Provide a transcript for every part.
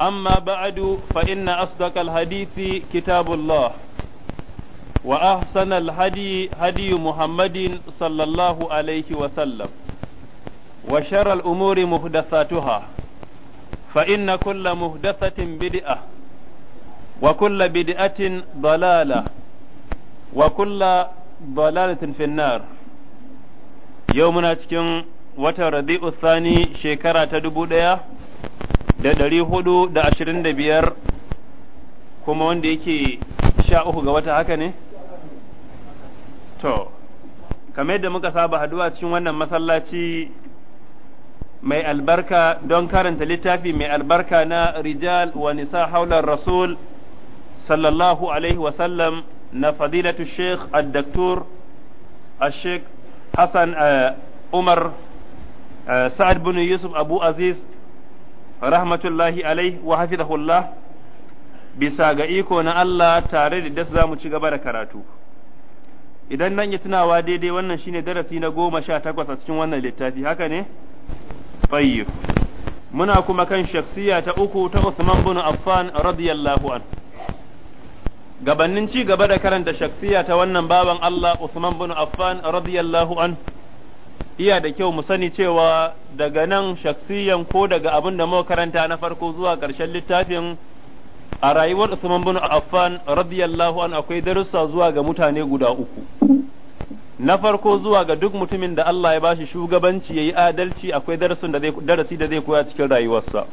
أما بعد فإن أصدق الحديث كتاب الله وأحسن الهدي هدي محمد صلى الله عليه وسلم وشر الأمور محدثاتها فإن كل محدثة بدعة وكل بدعة ضلالة وكل ضلالة في النار يومنا تكون وتربيع الثاني شكرة تدبو da ɗari hudu da ashirin da biyar kuma wanda yake sha uku ga wata haka ne? To, kamar yadda muka saba haduwa cikin wannan masallaci mai albarka don karanta littafi mai albarka na rijal wa nisa haular rasul sallallahu alaihi wasallam na fadilatu sheikh al-daktur sheikh hassan eh, umar eh, sa'ad bin yusuf abu aziz rahmatullahi alai wa hafizahullah bisa ga iko na Allah tare da za mu ci gaba da karatu idan nan ya tunawa daidai wannan shine darasi na goma sha takwas a cikin wannan littafi haka ne tayyib muna kuma kan shaksiya ta uku ta Uthman bin Affan radiyallahu an gabannin ci gaba da karanta shaksiya ta wannan baban Allah Usman bin Affan radiyallahu an iya da kyau mu sani cewa daga nan shaksiyan ko daga abin da muka karanta na farko zuwa ƙarshen littafin a rayuwar Usman bin Affan radiyallahu an akwai darussa zuwa ga mutane guda uku na farko zuwa ga duk mutumin da Allah ya bashi shugabanci yayi adalci akwai darasin da zai darasi da zai koya cikin rayuwarsa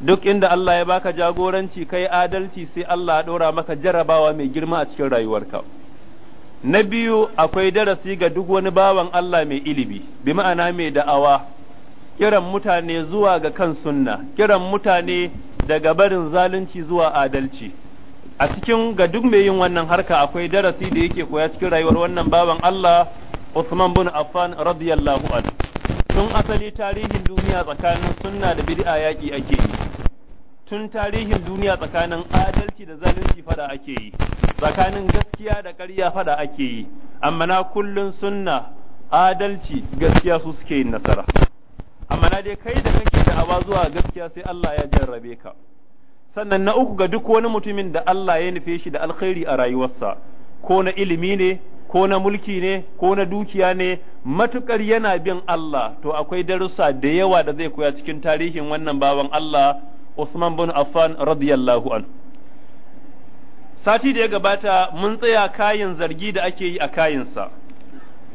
duk inda Allah ya baka jagoranci kai adalci sai Allah ya dora maka jarabawa mai girma a cikin rayuwarka na biyu akwai darasi ga duk wani bawan Allah mai ilimi bi ma'ana mai da'awa kiran mutane zuwa ga kan sunna kiran mutane daga barin zalunci zuwa adalci a cikin ga duk mai yin wannan harka akwai darasi da yake koya cikin rayuwar wannan bawan Allah Usman bin Affan radiyallahu anhu tun asali tarihin duniya tsakanin sunna da bid'a yaki ake yi tun tarihin duniya tsakanin adalci da zalunci fada ake yi tsakanin gaskiya da ƙarya fada ake yi amma na kullun sunna adalci gaskiya su suke yin nasara amma na dai kai da kake awa zuwa gaskiya sai Allah ya jarrabe ka sannan na uku ga duk wani mutumin da Allah ya nufe shi da alkhairi a rayuwarsa ko na ilimi ne ko na mulki ne ko na dukiya ne matukar yana bin Allah to akwai darussa da yawa da zai koya cikin tarihin wannan bawan Allah Usman bin Affan radiyallahu an sati da ya gabata mun tsaya kayan zargi da ake yi a kayinsa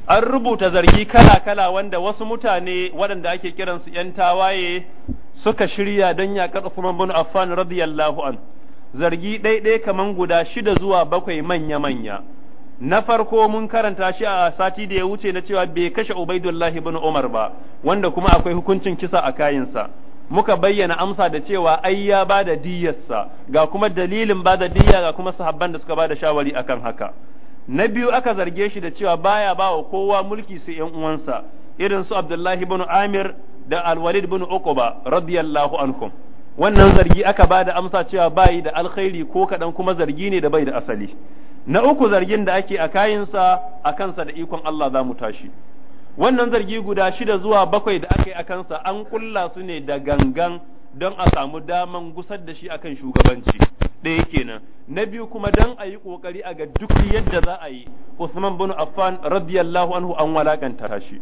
an rubuta zargi kala-kala wanda wasu mutane waɗanda ake kiransu ‘yan tawaye suka shirya don yaƙar Usman bin Affan radiyallahu an zargi ɗaiɗai kaman guda shida zuwa bakwai manya-manya na farko mun karanta shi a sati da ya wuce na cewa bai kashe Ubaidullahi bin Umar ba wanda kuma akwai hukuncin kisa a kayinsa. muka bayyana amsa da cewa ai ya bada diyyarsa ga kuma dalilin bada diyya ga kuma sahabban da suka bada shawari akan haka na biyu aka zarge shi da cewa baya bawa kowa mulki sai yan uwansa irin su Abdullahi ibn Amir da al bin ibn Uqba radiyallahu anhum wannan zargi aka ba da amsa cewa bai da alkhairi ko kadan kuma zargi ne da bai da asali na uku zargin da ake a kayinsa a kansa da ikon Allah za mu tashi wannan zargi guda shida zuwa bakwai da aka yi a kansa an kulla su ne da gangan don a samu daman gusar da shi akan shugabanci ɗaya kenan na biyu kuma don a yi ƙoƙari a ga duk yadda za a yi Usman bin Affan radiyallahu anhu an walakanta shi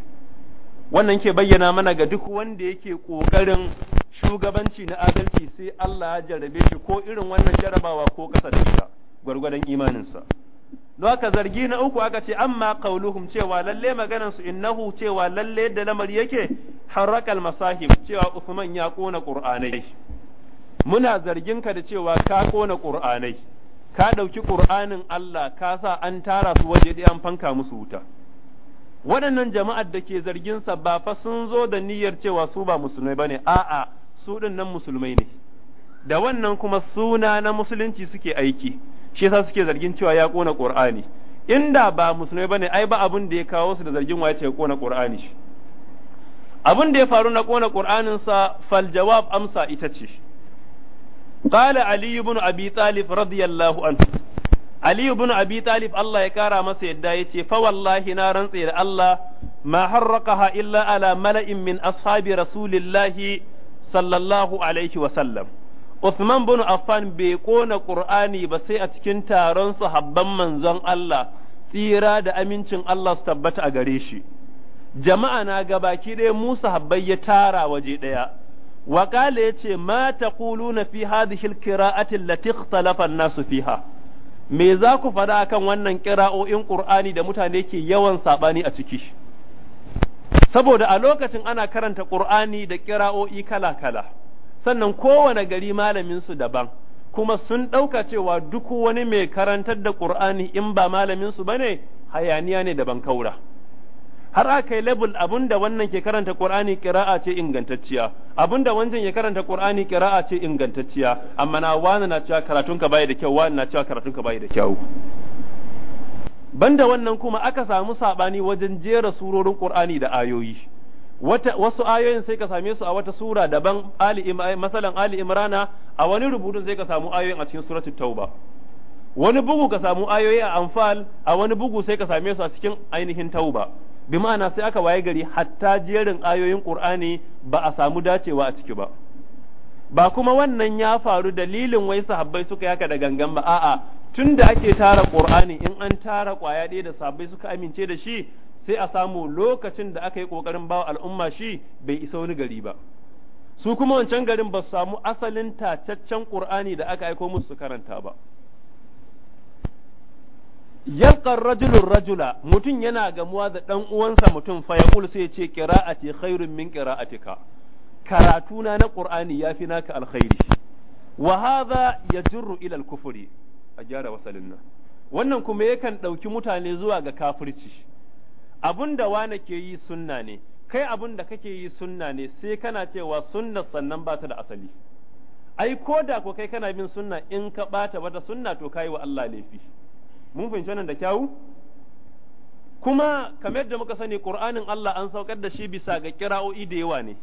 wannan ke bayyana mana ga duk wanda yake ƙoƙarin shugabanci na adalci sai Allah ya jarrabe shi ko irin wannan jarabawa ko ƙasa da shi gwargwadon imaninsa. don haka zargi na uku aka ce amma qauluhum cewa lalle maganarsu su innahu cewa lalle da lamari yake harrakal masahib cewa Uthman ya kona qur'anai muna zargin ka da cewa ka kona qur'anai ka dauki qur'anin Allah ka sa an tara su waje da an fanka musu wuta waɗannan jama'ar da ke zargin sa ba fa sun zo da niyyar cewa su ba musulmai bane a'a su dinnan musulmai ne da wannan kuma suna na musulunci suke aiki shi yasa suke zargin cewa ya kona qur'ani inda ba musulmai bane ai ba abin da ya kawo su da zargin wace ya kona qur'ani shi abin da ya faru na kona qur'anin sa fal jawab amsa ita ce qala ali ibn abi talib radiyallahu anhu ali ibn abi talib Allah ya kara masa yadda yace fa wallahi na rantse da Allah ma harraqaha illa ala mala'in min ashabi rasulillahi sallallahu alaihi wa sallam Uthman bin Affan bai kona Qur'ani ba sai a cikin taron sahabban manzon Allah tsira da amincin Allah su tabbata a gare shi jama'a na gabaki ɗaya mu sahabbai ya tara waje ɗaya wa qala yace ma taquluna fi hadhihi alqira'ati allati ikhtalafa an-nasu fiha me za ku faɗa akan wannan ƙira'o'in Qur'ani da mutane ke yawan saɓani a ciki saboda a lokacin ana karanta Qur'ani da ƙira'o'i kala-kala sannan kowane gari malamin su daban kuma sun ɗauka cewa duk wani mai karantar da Qur'ani in ba malamin su bane hayaniya ne daban kaura har aka yi label abun da wannan ke karanta Qur'ani kira'a ce ingantacciya abun da wancan ya karanta Qur'ani kira'a ce ingantacciya amma na wani na cewa karatunka bai da kyau wani na cewa karatunka bai da kyau banda wannan kuma aka samu sabani wajen jera surorin Qur'ani da ayoyi wasu ayoyin sai ka same su a wata sura daban ali masalan ali imrana a wani rubutun sai ka samu ayoyin a cikin suratul tauba wani bugu ka samu ayoyi a anfal a wani bugu sai ka same su a cikin ainihin tauba bi ma'ana sai aka waye gari hatta jerin ayoyin qur'ani ba a samu dacewa a ciki ba ba kuma wannan ya faru dalilin wai sahabbai suka yaka da gangan ba a'a tunda ake tara qur'ani in an tara kwaya ɗaya da sahabbai suka amince da shi sai a samu lokacin da aka yi ƙoƙarin bawa al'umma shi bai isa wani gari ba su kuma wancan garin ba su samu asalin tacaccen ƙur'ani da aka aiko musu su karanta ba yalqar rajulun rajula mutum yana gamuwa da ɗan uwansa mutum fa yaqul sai ce qira'ati khairun min qira'atika karatuna na qur'ani yafi naka alkhairi wa hadha yajru ila al a gyara wasalin nan wannan kuma yakan ɗauki mutane zuwa ga kafirci abun da wane ke yi sunna ne kai abun da kake yi sunna ne sai kana cewa sunna sannan ba ta da asali ai ko da ko kai kana bin sunna in ka bata wata sunna to kai wa Allah laifi mun fahimci wannan da kyawu kuma kamar yadda muka sani Qur'anin Allah an saukar da shi bisa ga kira'o'i da yawa ne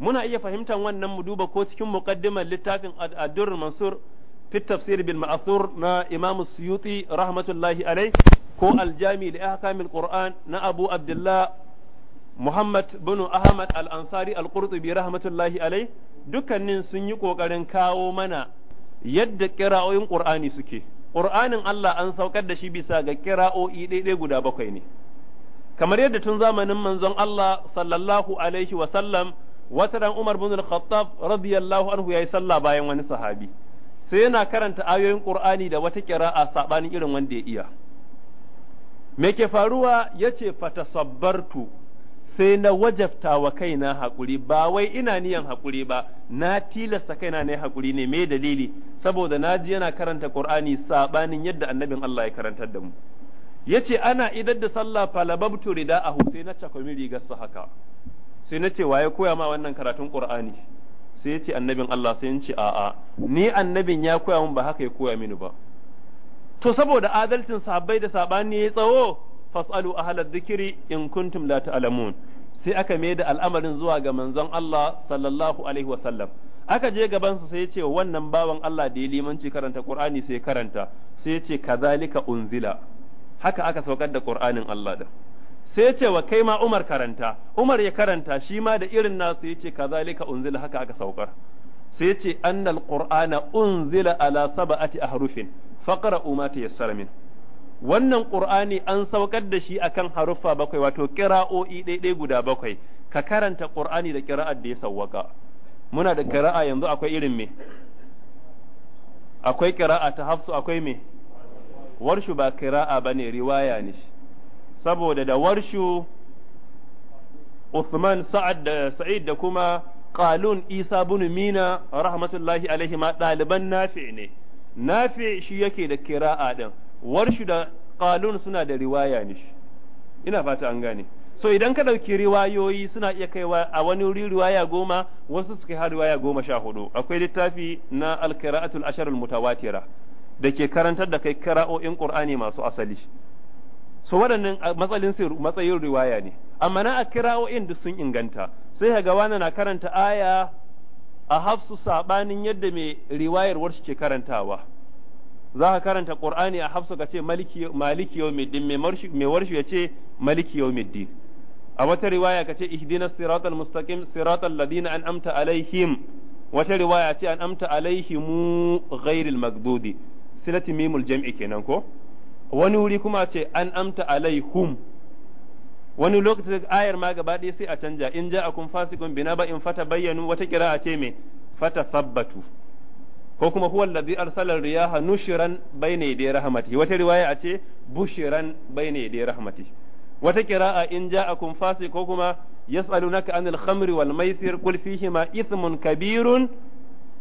muna iya fahimtar wannan mu duba ko cikin muqaddimar littafin Ad-Durr Mansur fi tafsir bil ma'thur na Imam Suyuti rahmatullahi alai ko aljami li ahkamil qur'an na abu abdullah muhammad bin ahmad al-ansari al-qurtubi rahmatullahi alai dukkanin sun yi kokarin kawo mana yadda kira'o'in qur'ani suke qur'anin Allah an saukar da shi bisa ga kira'o'i ɗaiɗai guda bakwai ne kamar yadda tun zamanin manzon Allah sallallahu alaihi wa sallam wata dan Umar bin Al-Khattab radiyallahu anhu yayi sallah bayan wani sahabi sai yana karanta ayoyin Qur'ani da wata kira'a sabanin irin wanda ya iya me ke faruwa ya yace fatasabbartu sai na wajabta wa kaina haƙuri ba wai ina niyan haƙuri ba na tilasta kaina ne haƙuri ne me dalili saboda na ji yana karanta ƙur'ani saɓanin yadda annabin Allah ya karantar da mu yace ana idar da sallah falababtu rida'ahu sai na rigar rigarsa haka sai na ce waye koya ma wannan karatun Qur'ani sai yace annabin Allah sai in ce a'a ni annabin ya koya min ba haka ya koya mini ba to saboda adalcin sahabbai da sabani ya tsawo fasalu ahlal dhikri in kuntum la ta'lamun sai aka mai da al'amarin zuwa ga manzon Allah sallallahu alaihi wa sallam aka je gaban su sai ya ce wannan bawan Allah da ya limanci karanta Qur'ani sai karanta sai ya ce kazalika unzila haka aka saukar da Qur'anin Allah da sai ya ce wa kai ma Umar karanta Umar ya karanta shi ma da irin nasu ya ce kazalika unzila haka aka saukar sai ce annal qur'ana unzila ala sab'ati ahrufin faqra'u ma tayassara min wannan qur'ani an saukar da shi akan haruffa bakwai wato qira'o'i daidai guda bakwai ka karanta qur'ani da qira'ar da ya sawwaka muna da qira'a yanzu akwai irin me akwai qira'a ta hafsu akwai me warshu ba qira'a bane riwaya ne saboda da warshu Uthman Sa'ad da Sa'id da kuma qalun isa bin mina rahmatullahi alaihi ma ɗaliban nafi ne nafi shi yake da kira'a din warshu da qalun suna da riwaya ne shi ina fata an gane so idan ka ɗauki riwayoyi suna iya kaiwa a wani riwaya goma wasu suka har riwaya goma sha hudu akwai littafi na alkira'atul asharul mutawatira da ke karantar da kai kira'o'in qur'ani masu asali so waɗannan matsalin matsayin riwaya ne amma na a kira'o'in duk sun inganta sai ga wani na karanta aya a hafsu saɓanin yadda mai riwayarwar shi ke karantawa za ka karanta ƙur'ani a hafsu ka ce maliki yau mai warshi ya ce maliki yau mai din a wata riwaya ka ce ihdina siratal mustaqim siratal ladina amta alaihim wata riwaya ce amta alaihimu ghairil magdudi silati mimul jam'i kenan ko wani wuri kuma ce amta alaihum wani lokaci ayar ma gaba ɗaya sai a canja in ja akun fasikun bina ba in fata bayyanu wata kira a ce me fata sabbatu ko kuma huwa allazi arsala riyaha nushiran bayna yaday rahmati wata riwaya a ce bushiran bayna yaday rahmati wata kira'a in ja ja'akum fasiq ko kuma yas'alunaka anil khamri wal maisir qul fihima ithmun kabirun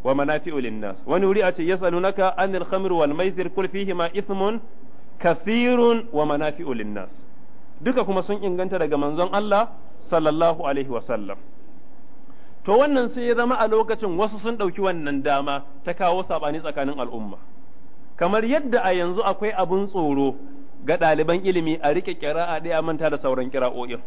wa manafi'u lin-nas wani wuri a ce yas'alunaka anil khamri wal maisir qul fihima ithmun kathirun wa manafi'u lin-nas duka kuma sun inganta daga manzon Allah sallallahu alaihi wasallam to wannan sai ya zama a lokacin wasu sun ɗauki wannan dama ta kawo saɓani tsakanin al'umma kamar yadda a yanzu akwai abun tsoro ga ɗaliban ilimi a riƙe ƙira'a ɗaya manta da sauran ƙira'o'in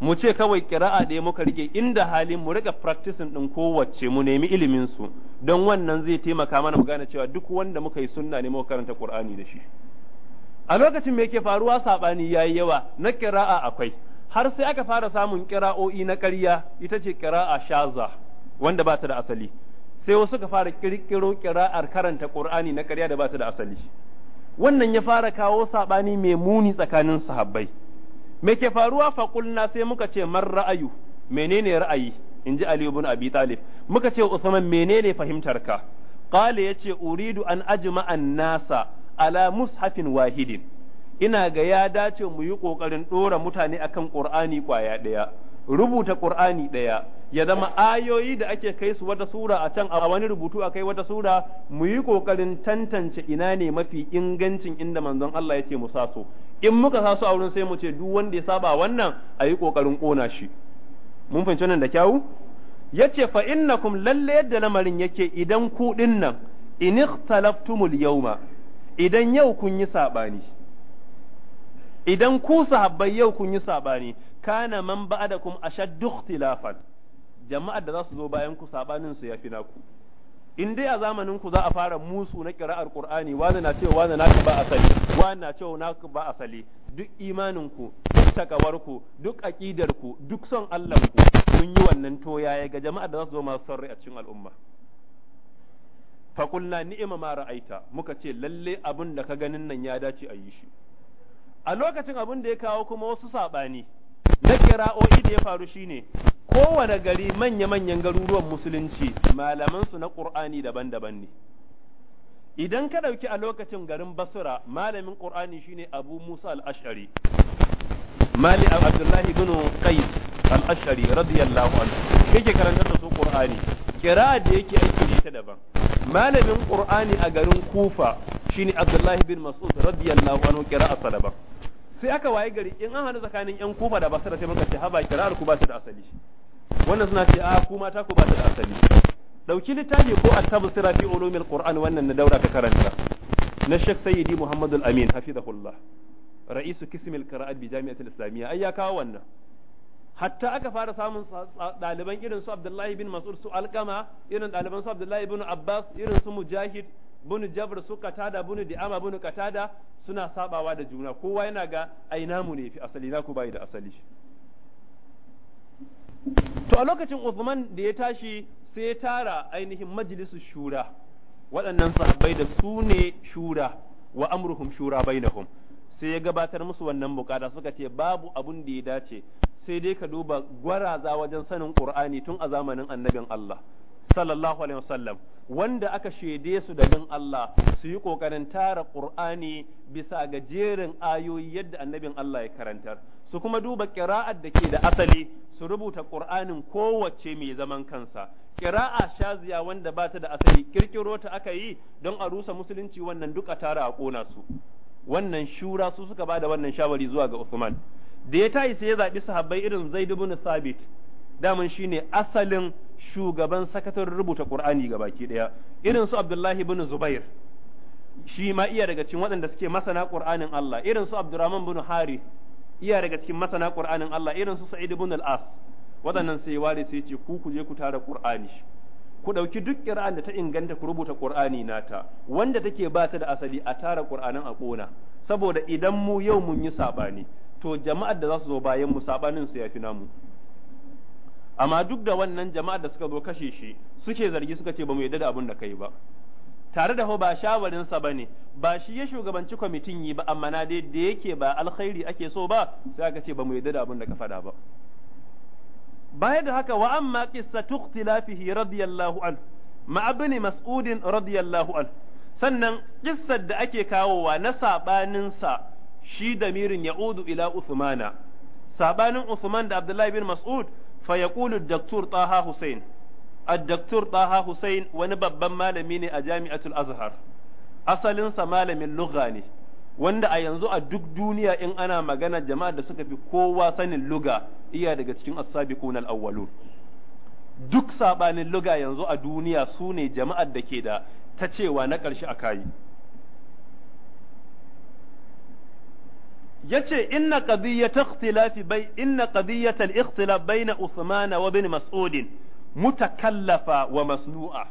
mu ce kawai ƙira'a ɗaya muka riƙe inda halin mu rika practicing ɗin kowace mu nemi ilimin su don wannan zai taimaka mana mu gane cewa duk wanda muka yi sunna ne muka karanta ƙur'ani da shi a lokacin me ke faruwa saɓani ya yi yawa na kira'a akwai har sai aka fara samun kira'o'i na ƙarya ita ce kira'a shaza wanda ba ta da asali sai wasu ka fara ƙirƙiro kira'ar karanta ƙur'ani na ƙarya da ba ta da asali wannan ya fara kawo saɓani mai muni tsakanin sahabbai me ke faruwa faƙulna sai muka ce man ra'ayu menene ra'ayi in ji Ali ibn Abi Talib muka ce Usman menene fahimtarka qala yace uridu an ajma'a an-nasa ala mushafin wahidin ina ga ya dace mu yi ƙoƙarin ɗora mutane akan ƙur'ani ƙwaya ɗaya rubuta ƙur'ani ɗaya ya zama ayoyi da ake kai su wata sura a can a wani rubutu akai kai wata sura mu yi ƙoƙarin tantance ina ne mafi ingancin inda manzon Allah yake mu saso in muka sasu a wurin sai mu ce duk wanda ya saba wannan a yi ƙoƙarin ƙona shi mun fahimci nan da kyawu yace fa innakum lalle yadda lamarin yake idan ku nan, in ikhtalaftumul yawma idan yau kun yi saɓani idan ku sahabbai yau kun yi saɓani kana man ba'adakum shadduk ikhtilafan jama'a da za su zo bayan ku sabanin su yafi naku in dai a zamanin ku za a fara musu na kira'ar ƙurani wani na cewa wani naka ba asali wani na cewa naka ba asali duk imanin ku duk takawar ku duk aqidar ku duk son Allah ku kun yi wannan toya ya ga jama'ar da za su zo masu sarri a cikin al'umma faƙulla ni'ima ma ra'aita muka ce lalle abin da ka ganin nan ya dace a yi shi a lokacin abin da ya kawo kuma wasu saɓani na kira'o'i da ya faru shine kowane gari manya-manyan garuruwan musulunci malamansu na ƙur'ani daban-daban ne idan ka ɗauki a lokacin garin basura malamin ƙur'ani shine abu musa al-ash'ari mali abdullahi bin qais al radiyallahu anhu yake karanta da su ƙur'ani kira da yake aiki ne ta daban malamin qur'ani a garin kufa shine abdullahi bin mas'ud radiyallahu anhu kira asalaba sai aka waye gari in an hada tsakanin yan kufa da basra sai muka ce haba qira'ar ku ba ta da asali wannan suna ce a ku mata ku ba ta da asali dauki littafi ko at tafsira fi ulumil qur'an wannan na daura ka karanta na shek Sayyidi muhammadul amin hafizahullah ra'isu kismil qira'at bi jami'atil islamiyya ai ya kawo wannan hatta aka fara samun ɗaliban irin su Abdullahi bin Mas'ud su Alkama irin ɗaliban su Abdullahi bin Abbas irin su Mujahid bin Jabr su Katada bin Di'ama bin Katada suna sabawa da juna kowa yana ga ai namu ne fi asali na ku bai da asali to a lokacin Uthman da ya tashi sai ya tara ainihin majlisu shura waɗannan sahabbai da su ne shura wa amruhum shura bainahum sai ya gabatar musu wannan bukata suka ce babu abun da ya dace sai dai ka duba gwaraza wajen sanin Qur'ani tun a zamanin annabin Allah sallallahu alaihi wasallam wanda aka shaide su da bin Allah su yi kokarin tara Qur'ani bisa ga jerin ayoyi yadda annabin Allah ya karantar su kuma duba ƙira'ar da ke da asali su rubuta Qur'anin kowace mai zaman kansa qira'a shaziya wanda ba ta da asali kirkiro ta aka yi don a rusa musulunci wannan duka tara a kona su wannan shura su suka ba da wannan shawari zuwa ga Uthman da ya tayi sai ya zaɓi sahabbai irin Zaid ibn Thabit daman shine asalin shugaban sakataren rubuta Qur'ani baki daya irin su Abdullahi ibn Zubair shi ma iya daga cikin waɗanda suke masana Qur'anin Allah irin su Abdurrahman ibn Hari iya daga cikin masana Qur'anin Allah irin su Sa'id ibn al-As waɗannan sai ware sai ce ku ku je ku tara Qur'ani ku ɗauki duk ƙira'an da ta inganta ku rubuta Qur'ani nata wanda take ba ta da asali a tara Qur'anin a kona saboda idan mu yau mun yi sabani to jama'ar da za su zo bayan mu sabanin su yafi namu amma duk da wannan jama'ar da suka zo kashe shi suke zargi suka ce ba mu yadda da abin da kai ba tare da hau ba shawarin sa ne ba shi ya shugabanci kwamitin yi ba amma na dai da yake ba alkhairi ake so ba sai aka ce ba mu yadda da abin da ka faɗa ba baya da haka wa amma qissatu tuqtilafihi radiyallahu an ma ibn mas'ud radiyallahu an sannan kissar da ake kawowa na sabanin sa shi damirin ya'udu ila Uthmana sabanin Uthman da Abdullahi bin Mas'ud fa yaqulu Dr. Taha Hussein a dr Taha Hussein wani babban malami ne a Jami'atul Azhar asalinsa malamin lugha ne wanda a yanzu a duk duniya in ana magana jama'a da suka fi kowa sanin luga iya daga cikin as-sabiqun awwalun duk sabanin luga yanzu a duniya su ne jama'ar da ke da ta cewa na ƙarshe a kayi yace inna qadiyyata ikhtilafi bai inna qadiyyata al-ikhtilaf baina Uthman wa ibn Mas'ud mutakallafa wa masnu'a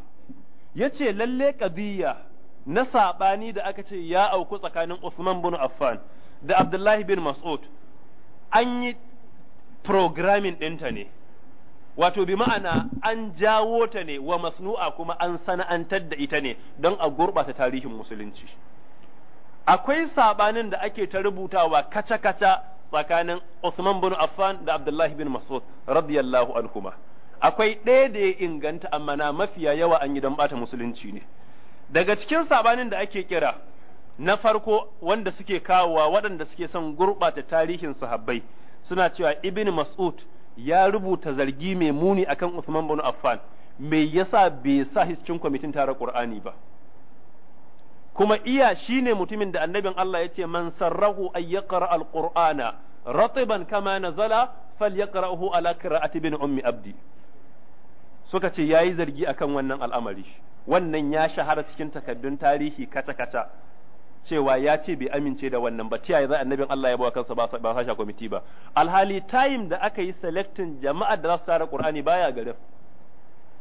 yace lalle qadiyya na sabani da aka ce ya auku tsakanin Uthman bin Affan da Abdullahi bin Mas'ud an yi programming ɗinta ne wato bi ma'ana an jawo ta ne wa masnu'a kuma an sana'antar da ita ne don a gurɓata tarihin musulunci akwai sabanin da ake ta rubutawa kaca-kaca tsakanin Usman bin Affan da Abdullahi bin Mas'ud radiyallahu anhuma akwai ɗaya da ya inganta amma na mafiya yawa an yi don bata musulunci ne daga cikin sabanin da ake kira na farko wanda suke kawowa waɗanda suke son gurɓata tarihin sahabbai suna cewa ibn mas'ud ya rubuta zargi mai muni akan Usman bin Affan me yasa bai sa shi cikin kwamitin tara Qur'ani ba kuma iya shine mutumin da annabin Allah ya ce man sarrahu ay yaqra alqur'ana ratiban kama nazala falyaqrahu ala qira'ati bin ummi abdi suka ce yayi zargi akan wannan al'amari wannan ya shahara cikin takaddun tarihi kaca kaca cewa ya ce bai amince da wannan ba tiyaye za annabin Allah ya bawa kansa ba ba kwamiti ba alhali time da aka yi selecting jama'ar da za su tsara Qur'ani baya garin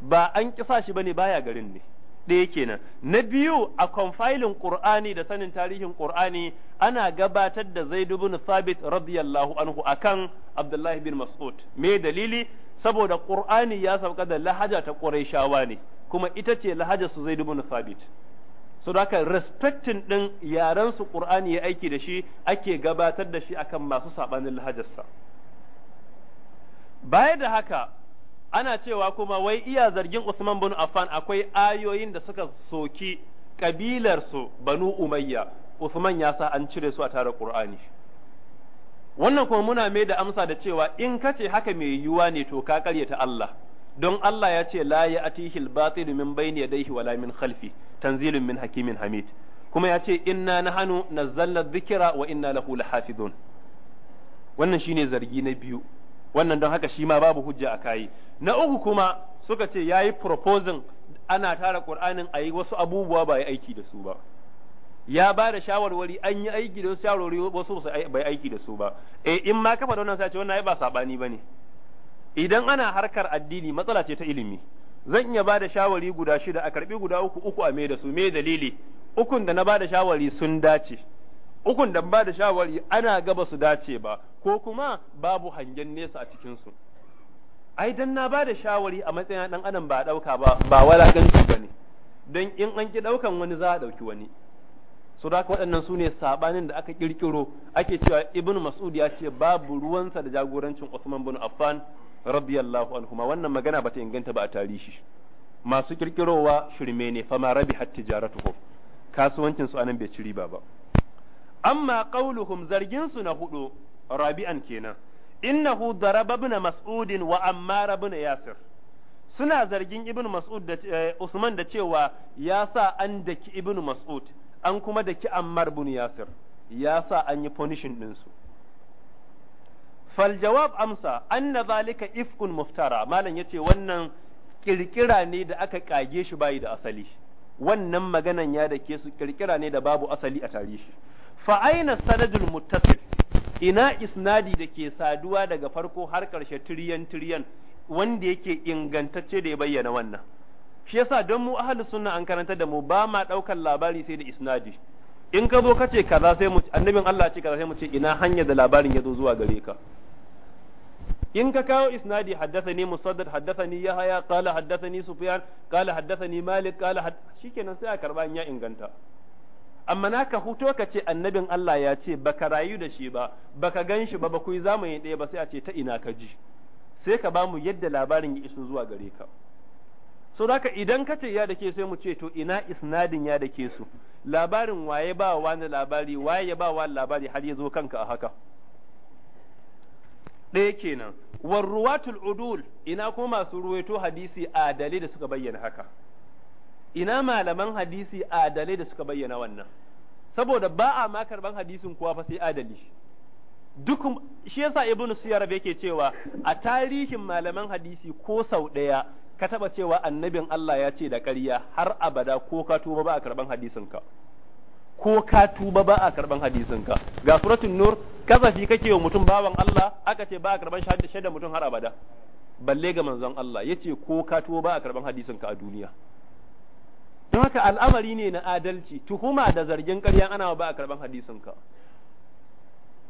ba an kisa shi bane baya garin ne ɗaya kenan na biyu a confiling ƙur'ani da sanin tarihin ƙur'ani ana gabatar da zaid ibn thabit radiyallahu anhu akan abdullahi bin mas'ud me dalili saboda ƙur'ani ya sauka da lahaja ta shawa ne kuma ita ce lahajar su zaid ibn thabit so da haka respecting din yaren su qur'ani ya aiki da shi ake gabatar da shi akan masu saɓanin lahajarsa baya da haka ana cewa kuma wai iya zargin Usman bin Affan akwai ayoyin da suka soki kabilar su Banu Umayya Usman ya sa an cire su a tare Qur'ani wannan kuma muna mai da amsa da cewa in kace haka mai yiwuwa ne to ka karyata Allah don Allah ya ce la ya'tihi al-batil min bayni yadayhi wala min khalfi tanzilun min hakimin hamid kuma ya ce inna nahanu nazzalna dhikra wa inna lahu lahafizun wannan shine zargi na biyu wannan don haka shi ma babu hujja a kai na uku kuma suka ce yayi proposing ana tara ƙur'anin ayi yi wasu abubuwa ba yi aiki da su ba ya ba da shawarwari an yi aiki da wasu shawarwari wasu bai aiki da su ba eh in ma kafa da wannan sai ce wannan ai ba sabani bane idan ana harkar addini matsala ce ta ilimi zan iya ba da shawari guda shida a karbi guda uku uku a mai da su mai dalili ukun da na ba da shawari sun dace ukun da ba da shawari ana gaba su dace ba ko kuma babu hangen nesa a cikin su ai dan na ba da shawari a matsayin dan adam ba ɗauka ba ba ba ne dan in an ki ɗaukan wani za a ɗauki wani su da waɗannan su ne sabanin da aka kirkiro ake cewa ibnu mas'ud ya ce babu ruwansa da jagorancin Usman bin Affan radiyallahu anhu ma wannan magana bata inganta ba a tarihi masu kirkirowa shirme ne fama rabi hat tijaratuhu kasuwancin su anan bai ci riba ba amma qauluhum zargin su na hudu rabi'an kenan innahu daraba ibn mas'udin wa ammar ibn yasir suna zargin ibn mas'ud da eh, usman da cewa ya sa an daki ibn mas'ud an kuma daki ammar ibn yasir ya sa an yi punishing din su fal jawab amsa anna zalika ifkun muftara malam yace wannan kirkira ne da aka kage shi bayi da asali wannan maganan ya dake su kirkira ne da babu asali a tarihi fa aina sanadul muttasil ina isnadi da ke saduwa daga farko har ƙarshe tiriyan tiriyan wanda yake ingantacce da ya bayyana wannan shi yasa don mu ahlus sunna an karanta da mu ba ma ɗaukan labari sai da isnadi in ka zo ka ce kaza sai mu annabin Allah ce kaza sai mu ce ina hanya da labarin ya zo zuwa gare ka in ka kawo isnadi haddathani musaddad haddathani yahaya qala haddathani sufyan qala haddathani malik qala shikenan sai a karba in ya inganta amma na ka huto ka ce annabin Allah ya ce baka rayu da shi ba baka gan shi ba ba ku yi zamani ɗaya ba sai a ce ta ina ka ji sai ka bamu yadda labarin ya iso zuwa gare ka so haka idan ka ce ya da ke sai mu ce to ina isnadin ya da ke su labarin waye ba wa wani labari waye ya ba wani labari har ya zo kanka a haka ɗaya kenan warruwatul udul ina kuma masu ruwaito hadisi a dalilin da suka bayyana haka ina malaman hadisi adalai da suka bayyana wannan saboda ba a ma karban hadisin kuwa fa sai adali duk shi yasa ibn siyarab yake cewa a tarihin malaman hadisi ko sau ɗaya ka taba cewa annabin Allah ya ce da ƙarya har abada ko ka tuba ba a karban hadisin ka ko ka tuba ba a karban hadisin ka ga suratul nur kazafi kake wa mutum bawan Allah aka ce ba a karban shaida mutum har abada balle ga manzon Allah yace ko ka tuba ba a karban hadisin ka a duniya don haka al'amari ne na adalci tuhuma da zargin ƙarya ana ba a karɓan hadisin ka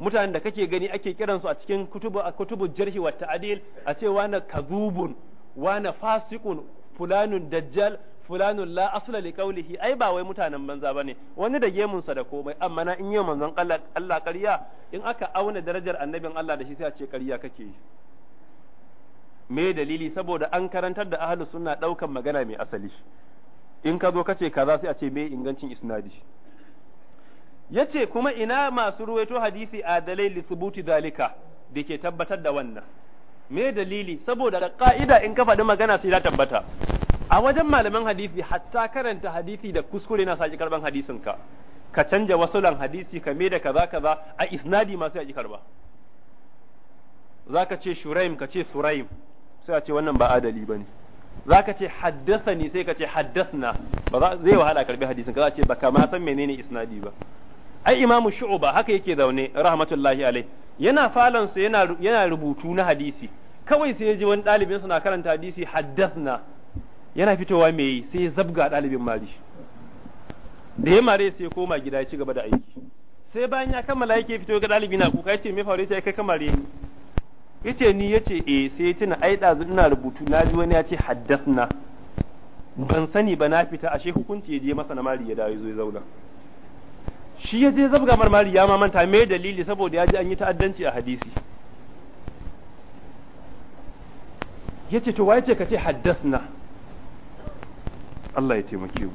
mutanen da kake gani ake kiransu a cikin kutubu a kutubu jarhi wa ta'dil a ce wani kadhubun wani fasiqun fulanun dajjal fulanun la asla li qawlihi ai ba wai mutanen banza bane wani da gemun sa da komai amma na in yau manzon Allah ƙarya in aka auna darajar annabin Allah da shi sai a ce ƙarya kake yi me dalili saboda an karantar da ahlus sunna daukan magana mai asali in ka zo ka ce kaza sai a ce me ingancin isnadi yace kuma ina masu ruwaito hadisi adalai li thubuti dalika da ke tabbatar da wannan me dalili saboda da ka'ida in ka faɗi magana sai ta tabbata a wajen malaman hadisi hatta karanta hadisi da kuskure na saki karban hadisin ka ka canja wasulan hadisi ka me da kaza kaza a isnadi ma sai a karba zaka ce shuraim ka ce suraim sai a ce wannan ba adali bane Za ka ce haddasa ne sai ka ce haddasna. ba za zai wahala karbi hadisin ka za ce ka ma san menene isnadi ba ai imamu shu'ba haka yake zaune rahmatullahi alai yana falon sa yana yana rubutu na hadisi kawai sai ya wani dalibin suna karanta hadisi haddasna yana fitowa me yi sai ya zabga ɗalibin mari da ya mare sai ya koma gida ya ci gaba da aiki sai bayan ya kammala yake fito ga ɗalibi na kuka ya ce me faru ya ce kai kamare ni yace ni yace eh sai tuna ai dazu ina rubutu na ji wani ya ce haddathna ban sani ba na fita ashe hukunci ya je masa na mari ya dawo ya zauna shi ya je zabga marmari ya ma manta me dalili saboda ya ji an yi ta'addanci a hadisi yace to waye ce ka ce haddasna Allah ya taimake mu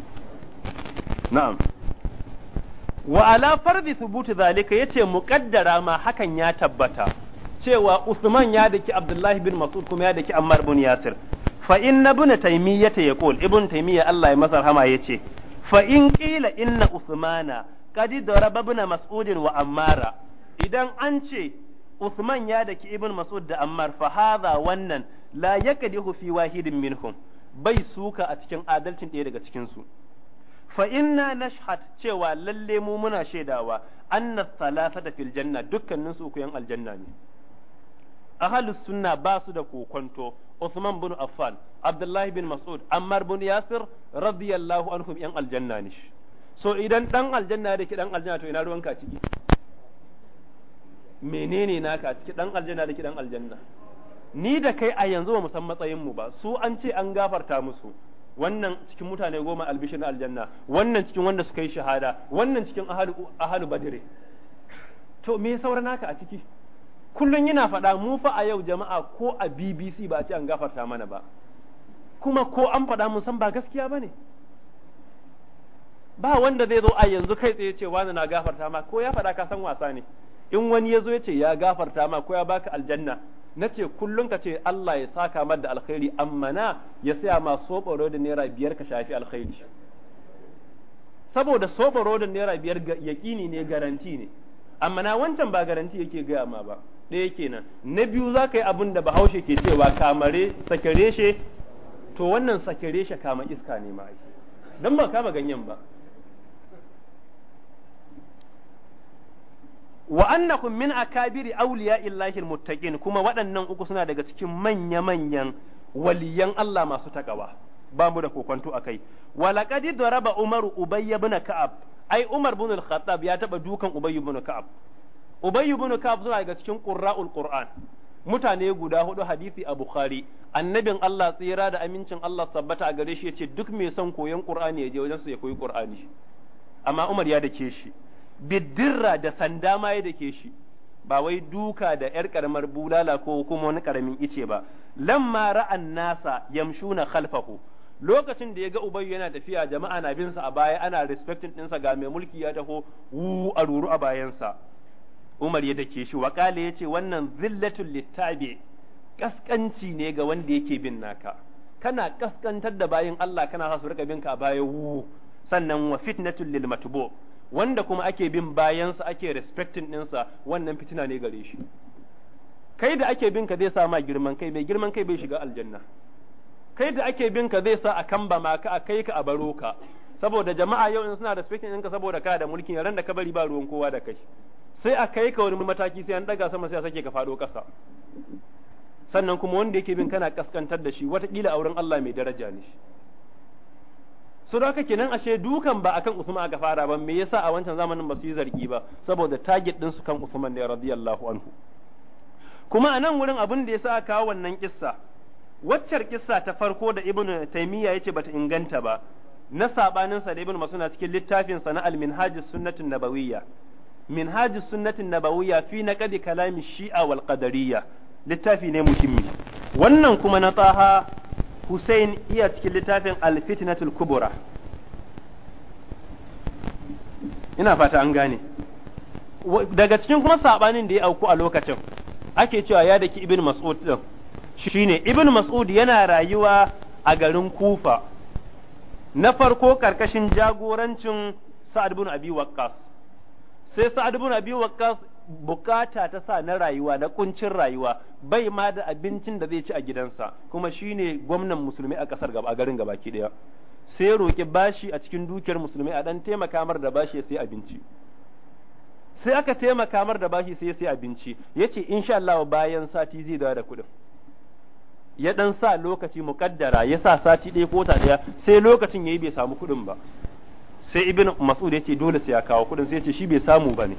na'am wa ala fardhi thubut zalika yace muqaddara ma hakan ya tabbata cewa Usman ya daki Abdullahi bin Mas'ud kuma ya daki Ammar bin Yasir fa inna ibn taymiyyah ya qul ibn taymiyyah Allah ya masa rahama yace fa in qila inna Usmana qad daraba bin Mas'ud wa Ammara idan an ce Usman ya daki ibn Mas'ud da Ammar fa hadha wannan la yakadihu fi wahidin minhum bai suka a cikin adalcin ɗaya daga cikin su fa inna nashhad cewa lalle mu muna shaidawa anna thalathata fil janna dukkanin su uku yan aljanna ne ahalus sunna ba su da kokonto Usman bin Affan Abdullahi bin Mas'ud Ammar bin Yasir radiyallahu anhum yan aljanna ne so idan dan aljanna da ke dan aljanna to ina ruwanka ciki menene naka ciki dan aljanna da ke dan aljanna ni da kai a yanzu ba mu san matsayin mu ba su an ce an gafarta musu wannan cikin mutane goma albishin na aljanna wannan cikin wanda suka yi shahada wannan cikin ahalu badire to me saura naka a ciki kullum yana faɗa mu fa a yau jama'a ko a BBC ba a ce an gafarta mana ba kuma ko an faɗa mun san ba gaskiya ba ne ba wanda zai zo a yanzu kai tsaye ce wani na gafarta ma ko ya faɗa ka san wasa ne in wani ya zo ya ce ya gafarta ma ko ya baka aljanna na ce kullum ka ce Allah ya saka mar da alkhairi amma na ya saya ma soɓaro da naira biyar ka shafi alkhairi saboda soɓaro da naira biyar yaƙini ne garanti ne amma na wancan ba garanti yake gaya ma ba ɗaya kenan na biyu za ka yi abin da bahaushe ke cewa kamare sakare shi to wannan sakare shi kama iska ne ma don ba kama ganyen ba wa annakum min akabiri awliya illahi almuttaqin kuma waɗannan uku suna daga cikin manya manyan waliyan Allah masu takawa ba mu da kokonto akai wa laqad daraba umaru ubayy ibn ka'ab ai umar ibn al-khattab ya taba dukan ubayy ibn ka'ab Ubayyu bin Ka'ab suna daga cikin qurra'ul Qur'an mutane guda hudu hadisi a Bukhari annabin Allah tsira da amincin Allah sabbata a gare shi ya ce duk mai son koyon Qur'ani ya je wajen su ya koyi Qur'ani amma Umar ya dake shi biddirra da sanda ma ya dake shi ba wai duka da ‘yar karamar bulala ko kuma wani karamin ice ba, lamma ra'an nasa yamshuna khalfahu lokacin da ya ga Ubayyu yana tafiya jama'a na binsa a baya ana respecting ɗinsa ga mai mulki ya taho wu a ruru a bayansa Umar ya dake shi waƙala ya ce wannan zillatul littabi kaskanci ne ga wanda yake bin naka kana kaskantar da bayin Allah kana sa su rika bin ka baya wu sannan wa fitnatul lil matbu wanda kuma ake bin bayansa ake respecting ɗinsa wannan fitina ne gare shi kai da ake bin ka zai sa ma girman kai mai girman kai bai shiga aljanna kai da ake bin ka zai sa a kamba ma ka a kai ka a baro ka saboda jama'a yau in suna respecting ɗinka saboda ka da mulkin ran da ka bari ba ruwan kowa da kai sai a kai ka wani mataki sai an daga sama sai a sake ka faɗo ƙasa sannan kuma wanda yake bin kana kaskantar da shi watakila auren Allah mai daraja ne shi su haka kenan ashe dukan ba akan Usman aka fara ba me yasa a wancan zamanin ba su yi zargi ba saboda target din su kan Usman ne radiyallahu anhu kuma a nan wurin abin da yasa kawo wannan kissa waccar kissa ta farko da taimiyya ya yace bata inganta ba na sabanin sa da Ibnu masuna cikin littafin sa na Al-Minhajus Sunnatun Nabawiyya minhajus sunnatin nabawiyya fi naqdi kalami shi'a wal qadariyya littafi ne muhimmi wannan kuma na taha Hussein iya cikin littafin al-fitnatul kubra ina fata an gane daga cikin kuma sabanin da ya auku a lokacin ake cewa ya daki ibn mas'ud din shine ibn mas'ud yana rayuwa a garin kufa na farko karkashin jagorancin sa'ad bin abi waqqas sai sa'ad bin abi waqqas bukata ta sa na rayuwa na kuncin rayuwa bai ma da abincin da zai ci a gidansa kuma shine gwamnan musulmi a kasar gaba a garin ke daya sai roƙi bashi a cikin dukiyar musulmi a dan taimaka mar da bashi sai abinci sai aka taimaka mar da bashi sai sai abinci yace insha Allah bayan sati zai dawo da kuɗin ya dan sa lokaci mukaddara ya sa sati ɗaya ko ta ɗaya sai lokacin yayi bai samu kuɗin ba sai ibn mas'ud ya ce dole sai ya kawo kuɗin sai ya ce shi bai samu ba ne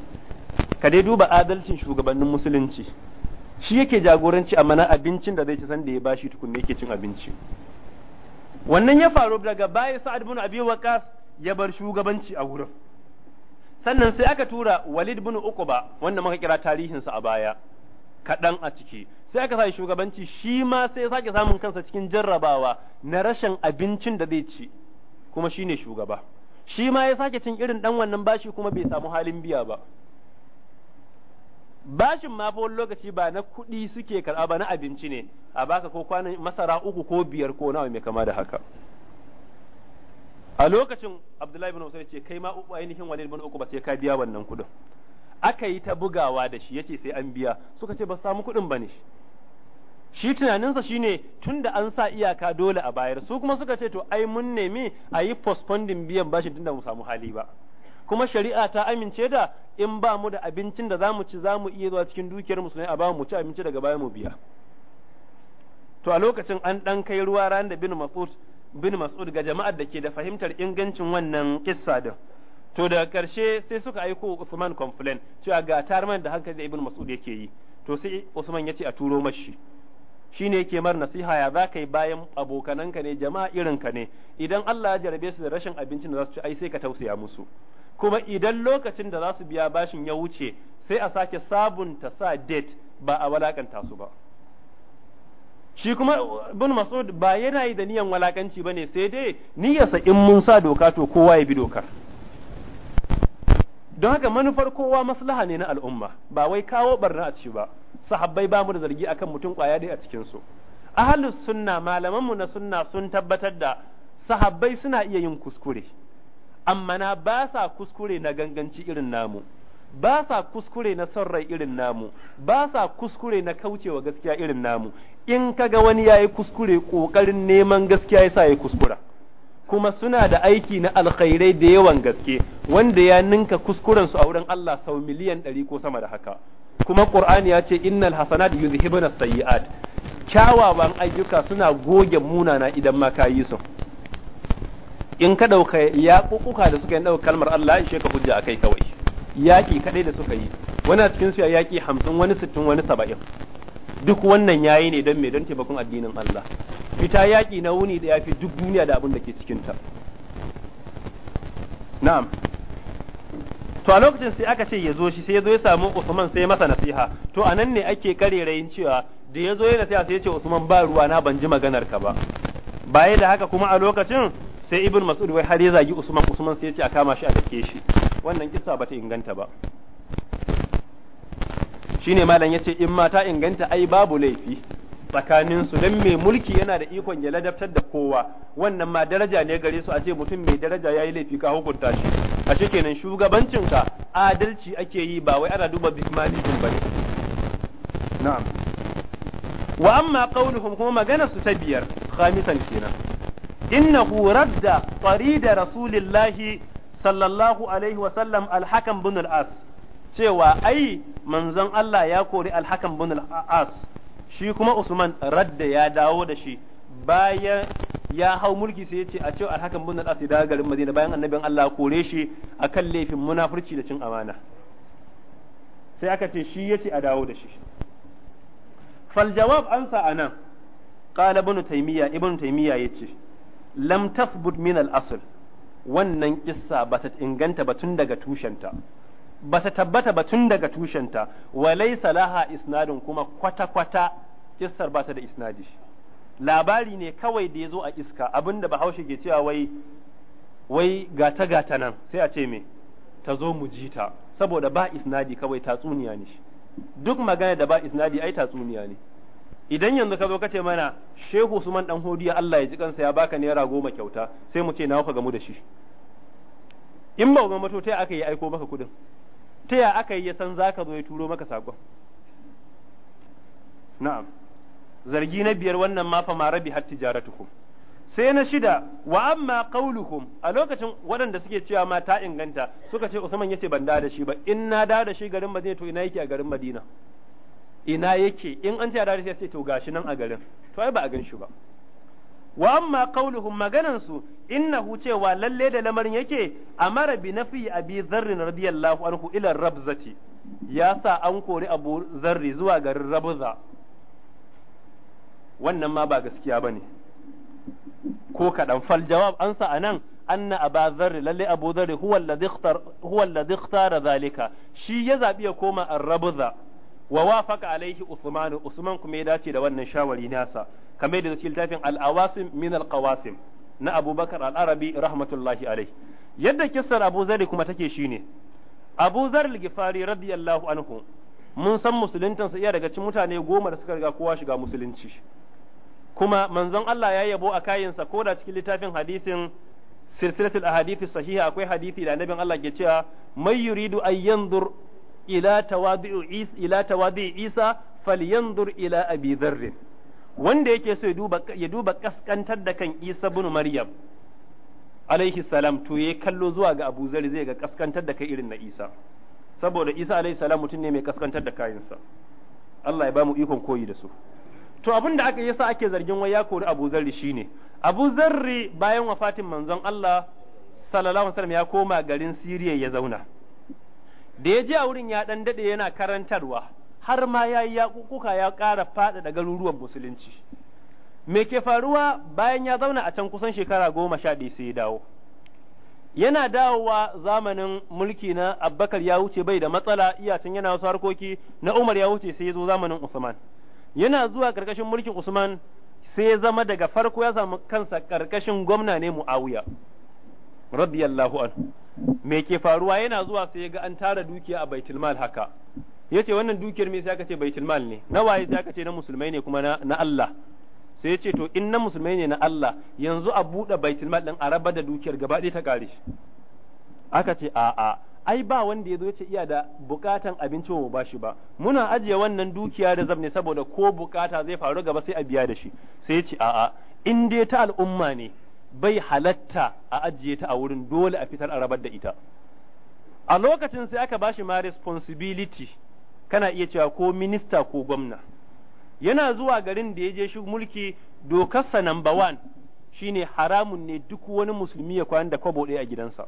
ka dai duba adalcin shugabannin musulunci shi yake jagoranci a mana abincin da zai ci da ya bashi tukunne yake cin abinci wannan ya faru daga baya sa'ad bin abi waqas ya bar shugabanci a wurin sannan sai aka tura walid bin uquba wanda muka kira tarihin sa a baya kaɗan a ciki sai aka sa shugabanci shi ma sai ya sake samun kansa cikin jarrabawa na rashin abincin da zai ci kuma shine shugaba shi ma ya sake cin irin dan wannan bashi kuma bai samu halin biya ba bashin ma fa wani lokaci ba na kuɗi suke karɓa ba na abinci ne a baka ko kwanan masara uku ko biyar ko nawa mai kama da haka a lokacin abdullahi bin usaid ce kai ma uku ainihin walid bin uku ba sai ka biya wannan kuɗin aka yi ta bugawa da shi yace sai an biya suka ce ba samu kuɗin ba ne shi tunaninsa shi ne tun da an sa iyaka dole a bayar su kuma suka ce to ai mun nemi a yi postponding biyan bashin tun da mu samu hali ba kuma shari'a ta amince da in ba mu da abincin da zamu ci zamu iya zuwa cikin dukiyar musulmai a ba mu ci abinci daga baya mu biya to a lokacin an dan kai ruwa ran da bin Mas'ud bin Mas'ud ga jama'ar da ke da fahimtar ingancin wannan kissa din to da karshe sai suka aiko Usman complain cewa ga tarman da hankali da Ibn Mas'ud yake yi to sai Usman ya ce a turo mashi Shi ne yake mar nasiha ya za ka yi bayan abokananka ne jama'a irinka ne idan Allah ya jarabe su da rashin abincin da za su ci ai sai ka tausaya musu kuma idan lokacin da za su biya bashin ya wuce sai a sake sabunta sa date ba a walakanta su ba shi kuma bin masud ba yana yi da niyan walakanci ba ne sai dai niyyarsa in mun sa doka to kowa ya bi dokar don haka manufar kowa maslaha ne na al'umma ba wai kawo barna a ci ba sahabbai ba mu da zargi akan mutum kwaya dai a cikin su ahlus sunna malaman mu na sunna sun tabbatar da sahabbai suna iya yin kuskure amma na ba sa kuskure na ganganci irin namu ba sa kuskure na son rai irin namu ba sa kuskure na kaucewa gaskiya irin namu in kaga wani yayi kuskure kokarin neman gaskiya yasa yayi kuskura kuma suna da aiki na alkhairai da yawan gaske wanda ya ninka kuskuren su a wurin Allah sau miliyan ɗari ko sama da haka kuma qur'ani ya ce innal hasanat yuzhibuna sayyi'at kyawawan ayyuka suna goge munana idan ma ka yi su in ka dauka ya kukuka da suka yi dauka kalmar Allah ishe ka hujja akai kawai yaki kadai da suka yi wani cikin su ya yaki 50 wani 60 wani 70 duk wannan yayi ne don me don taimakon addinin Allah fita yaki na wuni da yafi duk duniya da abin da ke cikin ta na'am to a lokacin sai aka ce ya zo shi sai ya zo ya samu Usman sai masa nasiha to a nan ne ake rayin cewa da ya zo ya nasiha sai ya ce Usman ba ruwa na ban ji maganar ka ba baya da haka kuma a lokacin sai Ibn Mas'ud wai har ya zagi Usman Usman sai ya ce a kama shi a dake shi wannan kissa bata inganta ba shine malam yace in mata inganta ai babu laifi tsakanin su dan mai mulki yana da ikon ya ladabtar da kowa wannan ma daraja ne gare su a ce mutum mai daraja yayi laifi ka hukunta shi ashe kenan shugabancinka adalci ake yi ba wai ana duba bismalism ba na'am wa amma qauluhum kuma magana su ta biyar khamisan kenan innahu radda da rasulillahi sallallahu alaihi wa sallam alhakan bin al cewa ai manzon Allah ya kori alhakan bin al shi kuma Usman radda ya dawo da shi baya. ya hau mulki sai ya ce a ce a hakan alhakan bin al da garin Madina bayan annabin Allah kore shi a kan laifin munafurci da cin amana sai aka ce shi yace a dawo da shi fal jawab ansa anan qala ibn taymiya ibn taymiya yace lam tathbut min al-asl wannan kissa bata inganta ba tun daga tushenta ba ta tabbata ba tun daga tushenta walai salaha isnadin kuma kwata-kwata kissar ba ta da isnadi labari ne kawai da ya zo a iska abinda bahaushe ke cewa wai wai gata gata nan sai a ce me ta zo mu ji ta saboda ba isnadi kawai tatsuniya ne duk magana da ba isnadi ai tatsuniya ne idan yanzu ka zo ka ce mana shehu usman dan hodiya Allah ya ji kansa ya baka naira goma kyauta sai mu ce na ka gamu da shi in ba gwamnato ta aka yi aiko maka kudin ta ya aka yi ya san zaka zo ya turo maka sakon na'am zargi na biyar wannan ma fa bi har jaratukum sai na shida wa amma qauluhum a lokacin waɗanda suke cewa ma ta inganta suka ce Usman yace ban da shi ba in na da da shi garin Madina to ina yake a garin Madina ina yake in an ce da shi sai to gashi nan a garin to ai ba a gan shi ba wa amma qauluhum maganan su innahu cewa lalle da lamarin yake amara bi nafi abi dharr radiyallahu anhu ila rabzati ya sa an kori abu zarri zuwa garin rabza wannan ma ba gaskiya ba ne ko kaɗan fal jawab ansa a nan anna aba zarri lalle abu zarri huwa alladhi da zalika shi ya zabi ya koma arrabuza wa wafaqa alaihi Usmanu usman kuma ya dace da wannan shawari nasa kame da shi littafin al min al'awasim na abubakar al-arabi rahmatullahi alaihi yadda kissar abu zarri kuma take shine abu zarri gifari radiyallahu anhu mun san musuluntansa iya daga cin mutane goma da suka riga kowa shiga musulunci kuma manzon Allah ya yabo a kayinsa ko da cikin littafin hadisin silsilatul ahadithi sahiha akwai hadisi da annabin Allah ke cewa may yuridu an yanzur ila tawadi'u isa ila tawadi'u isa falyanzur ila abi dharr wanda yake so ya duba ya duba kaskantar da kan Isa ibn Maryam alaihi salam to yayi kallo zuwa ga Abu Zar zai ga kaskantar da kai irin na Isa saboda Isa alaihi salam mutum ne mai kaskantar da kayinsa Allah ya ba mu ikon koyi da su to abin da aka sa ake zargin wai ya kori Abu Zarri shine Abu Zarri bayan wafatin manzon Allah sallallahu alaihi wasallam ya koma garin Siriya ya zauna da ya je a wurin ya dan dade yana karantarwa har ma ya yi yakukuka ya ƙara faɗaɗa garuruwan musulunci me ke faruwa bayan ya zauna a can kusan shekara goma sha ɗaya sai ya dawo yana dawowa zamanin mulki na abbakar ya wuce bai da matsala iyacin yana wasu harkoki na umar ya wuce sai ya zo zamanin usman yana zuwa karkashin mulkin Usman sai ya zama daga farko ya samu kansa karkashin gwamna ne Muawiya radiyallahu anhu me ke faruwa yana zuwa sai ya ga an tara dukiya a baitul mal haka yace wannan dukiyar me sai aka ce baitul mal ne na waye sai aka ce na musulmai ne kuma na Allah sai ya to in na musulmai ne na Allah yanzu a buɗe baitul mal din a raba da dukiyar gaba ɗaya ta kare aka ce a'a ai ba wanda ya zo ce iya da bukatan abinci mu ba shi ba muna ajiye wannan dukiya da zabne saboda ko bukata zai faru gaba sai a biya da shi sai ya ce a'a in dai ta al'umma ne bai halatta a ajiye ta a wurin dole a fitar a rabar da ita a lokacin sai aka bashi ma responsibility kana iya cewa ko minista ko gwamna yana zuwa garin da ya je shi mulki dokarsa number one shine haramun ne duk wani musulmi ya kwana da kwabo ɗaya a gidansa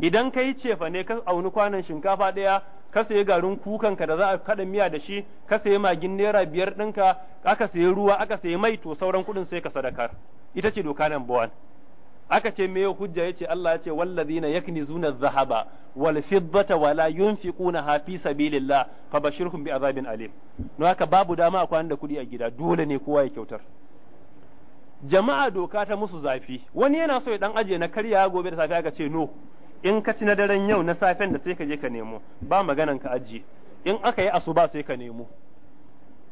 idan ka yi cefa ne ka auni kwanan shinkafa ɗaya ka sayi garin kukanka da za a kaɗa miya da shi ka sayi magin naira biyar ɗinka aka sayi ruwa aka sayi mai to sauran kuɗin sai ka sadakar ita ce doka nan bawan aka ce me hujja yace Allah yace wallazina yaknizuna adh-dhahaba wal fiddata wala ha fi sabilillah fabashirhum bi azabin alim no ka babu dama a kwana da kuɗi a gida dole ne kowa ya kyautar jama'a doka ta musu zafi wani yana so ya dan aje na karya gobe da safe ka ce no in ka ci na daren yau na safen da sai ka je ka nemo ba maganan ka ajiye in aka yi asuba sai ka nemo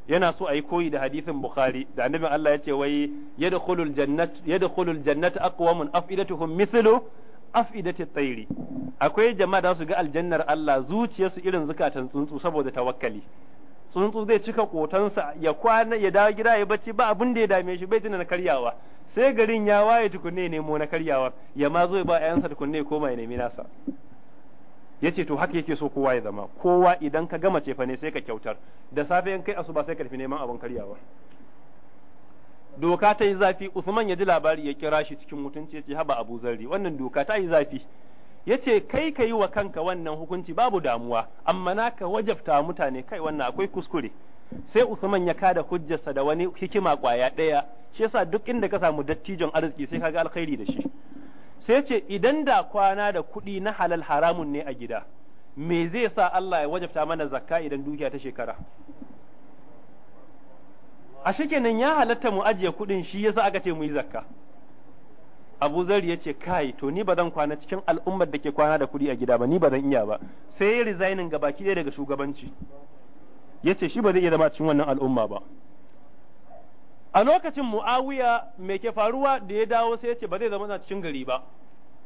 yana so a yi koyi da hadisin bukhari da annabin Allah ya ce wai yadkhulul jannat yadkhulul jannat aqwamun afidatuhum mithlu afidati tsairi akwai jama'a da su ga aljannar Allah zuciyarsu irin zukatan tsuntsu saboda tawakkali tsuntsu zai cika kotansa ya kwana ya dawo gida ya bacci ba abin da ya dame shi bai tunanin karyawa sai garin ya waye tukunne ne nemo na karyawar ya ma zo ba ƴaƴansa tukunne koma ya nemi nasa yace to haka yake so kowa ya zama kowa idan ka gama cefa ne sai ka kyautar da safe in kai asuba sai ka tafi neman abin karyawa doka ta yi zafi Usman ya ji labari ya kira shi cikin mutunci ya ce haba Abu Zarri wannan doka ta yi zafi yace ce kai ka yi wa kanka wannan hukunci babu damuwa amma naka wajabta mutane kai wannan akwai kuskure sai Usman ya kada hujjarsa da wani hikima kwaya ɗaya shi yasa duk inda ka samu dattijon arziki sai ga alkhairi da shi sai ce idan da kwana da kuɗi na halal haramun ne a gida me zai sa Allah ya wajabta mana zakka idan dukiya ta shekara a nan ya halatta mu ajiye kuɗin shi yasa aka ce mu yi zakka Abu Zar ya ce kai to ni ba zan kwana cikin al'ummar da ke kwana da kuɗi a gida ba ni ba zan iya ba sai ya resignin gabaki ɗaya daga shugabanci ya ce shi ba zai iya zama cikin wannan al'umma ba a lokacin muawiya mai ke faruwa da ya dawo sai ya ce ba zai zama cikin gari ba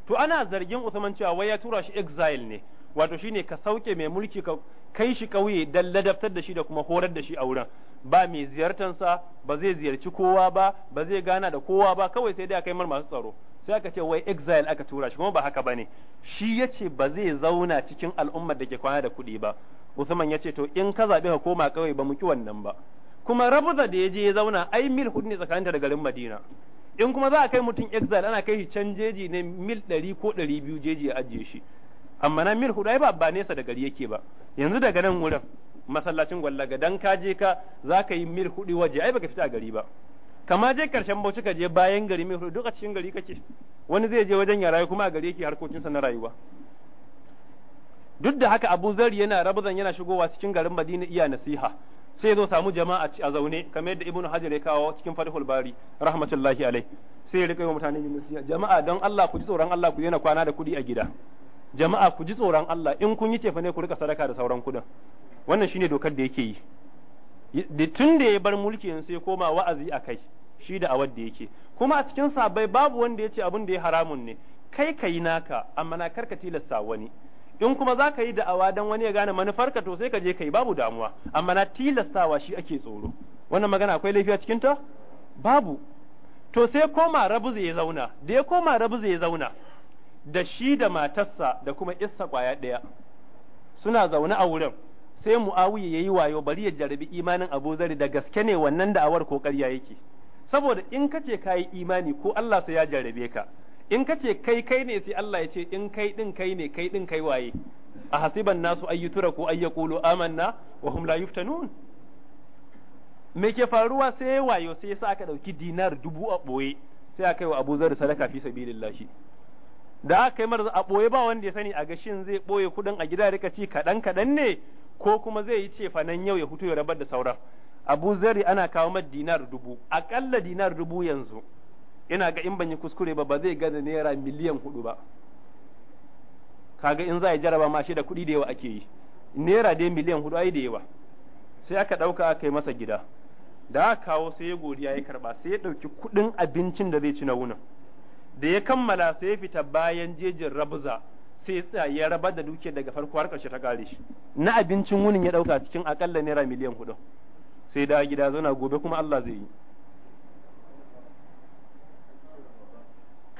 to ana zargin usman cewa wai ya tura shi exile ne wato shine ka sauke mai mulki ka kai shi kauye dan ladabtar da shi da kuma horar da shi a wurin ba mai ziyartansa ba zai ziyarci kowa ba ba zai gana da kowa ba kawai sai dai aka kai mar masu tsaro sai aka ce wai exile aka tura shi kuma ba haka bane shi yace ba zai zauna cikin al'ummar da ke kwana da kuɗi ba Usman yace to in ka zabe ka koma kauye ba mu ki wannan ba kuma rabuza da ya je ya zauna ai mil hudu ne tsakaninta da garin madina in kuma za a kai mutum exile ana kai shi can jeji ne mil ɗari ko ɗari biyu jeji ya ajiye shi amma na mil hudu ai ba ba nesa da gari yake ba yanzu daga nan wurin masallacin gwallaga dan ka je ka za ka yi mil hudu waje ai baka fita a gari ba kama je karshen bauchi ka je bayan gari mil hudu duka cikin gari kake wani zai je wajen ya rayu kuma a gari yake harkokinsa na rayuwa duk da haka Abu yana rabuzan yana shigowa cikin garin Madina iya nasiha sai zo samu jama'a a zaune kamar yadda ibnu hajar ya kawo cikin fathul bari rahmatullahi alai sai ya rika yi mutane jama'a don Allah ku ji tsoron Allah ku yana kwana da kuɗi a gida jama'a ku ji tsoron Allah in kun yi cefa ne ku rika sadaka da sauran kuɗin wannan shine dokar da yake yi tun da ya bar mulki yanzu sai koma wa'azi a kai shi da awar da yake kuma a cikin sabai babu wanda ya ce abin da ya haramun ne kai ka yi naka amma na karka tilasta wani in kuma za ka yi da'awa don wani ya gane manufarka to sai ka je ka yi babu damuwa amma na tilastawa shi ake tsoro wannan magana akwai laifi a cikin ta babu to sai koma rabu zai zauna da ya koma rabu zai zauna da shi da matarsa da kuma issa kwaya ɗaya suna zaune a wurin sai muawiya yi wayo bari ya jarabi imanin abu zari da gaske ne wannan da'awar ko ƙarya yake saboda in ka ce kayi imani ko Allah sai ya jarabe ka in ka ce kai kai ne sai Allah ya ce in kai din kai ne kai din kai waye a hasiban nasu ayyutura ko ayyaqulu amanna wa hum la yuftanun me ke faruwa sai wayo sai sa aka dauki dinar dubu a boye sai aka yi wa Abu Zar sadaka fi sabilillah da aka yi marza a boye ba wanda ya sani a shin zai boye kudin a gida rika ci kadan kadan ne ko kuma zai yi ce fanan yau ya hutu ya rabar da sauran Abu Zari ana kawo mad dinar dubu akalla dinar dubu yanzu yana ga in ban yi kuskure ba ba zai gaza naira miliyan hudu ba kaga in za a jaraba ma shi da kuɗi da yawa ake yi naira dai miliyan hudu ai da yawa sai aka ɗauka aka yi masa gida da aka kawo sai ya godiya ya karɓa sai ya ɗauki kuɗin abincin da zai ci na wunin da ya kammala sai ya fita bayan jejin rabza sai ya tsaya ya rabar da dukiyar daga farko har ƙarshe ta kare shi na abincin wunin ya ɗauka cikin akalla naira miliyan hudu sai da gida zauna gobe kuma Allah zai yi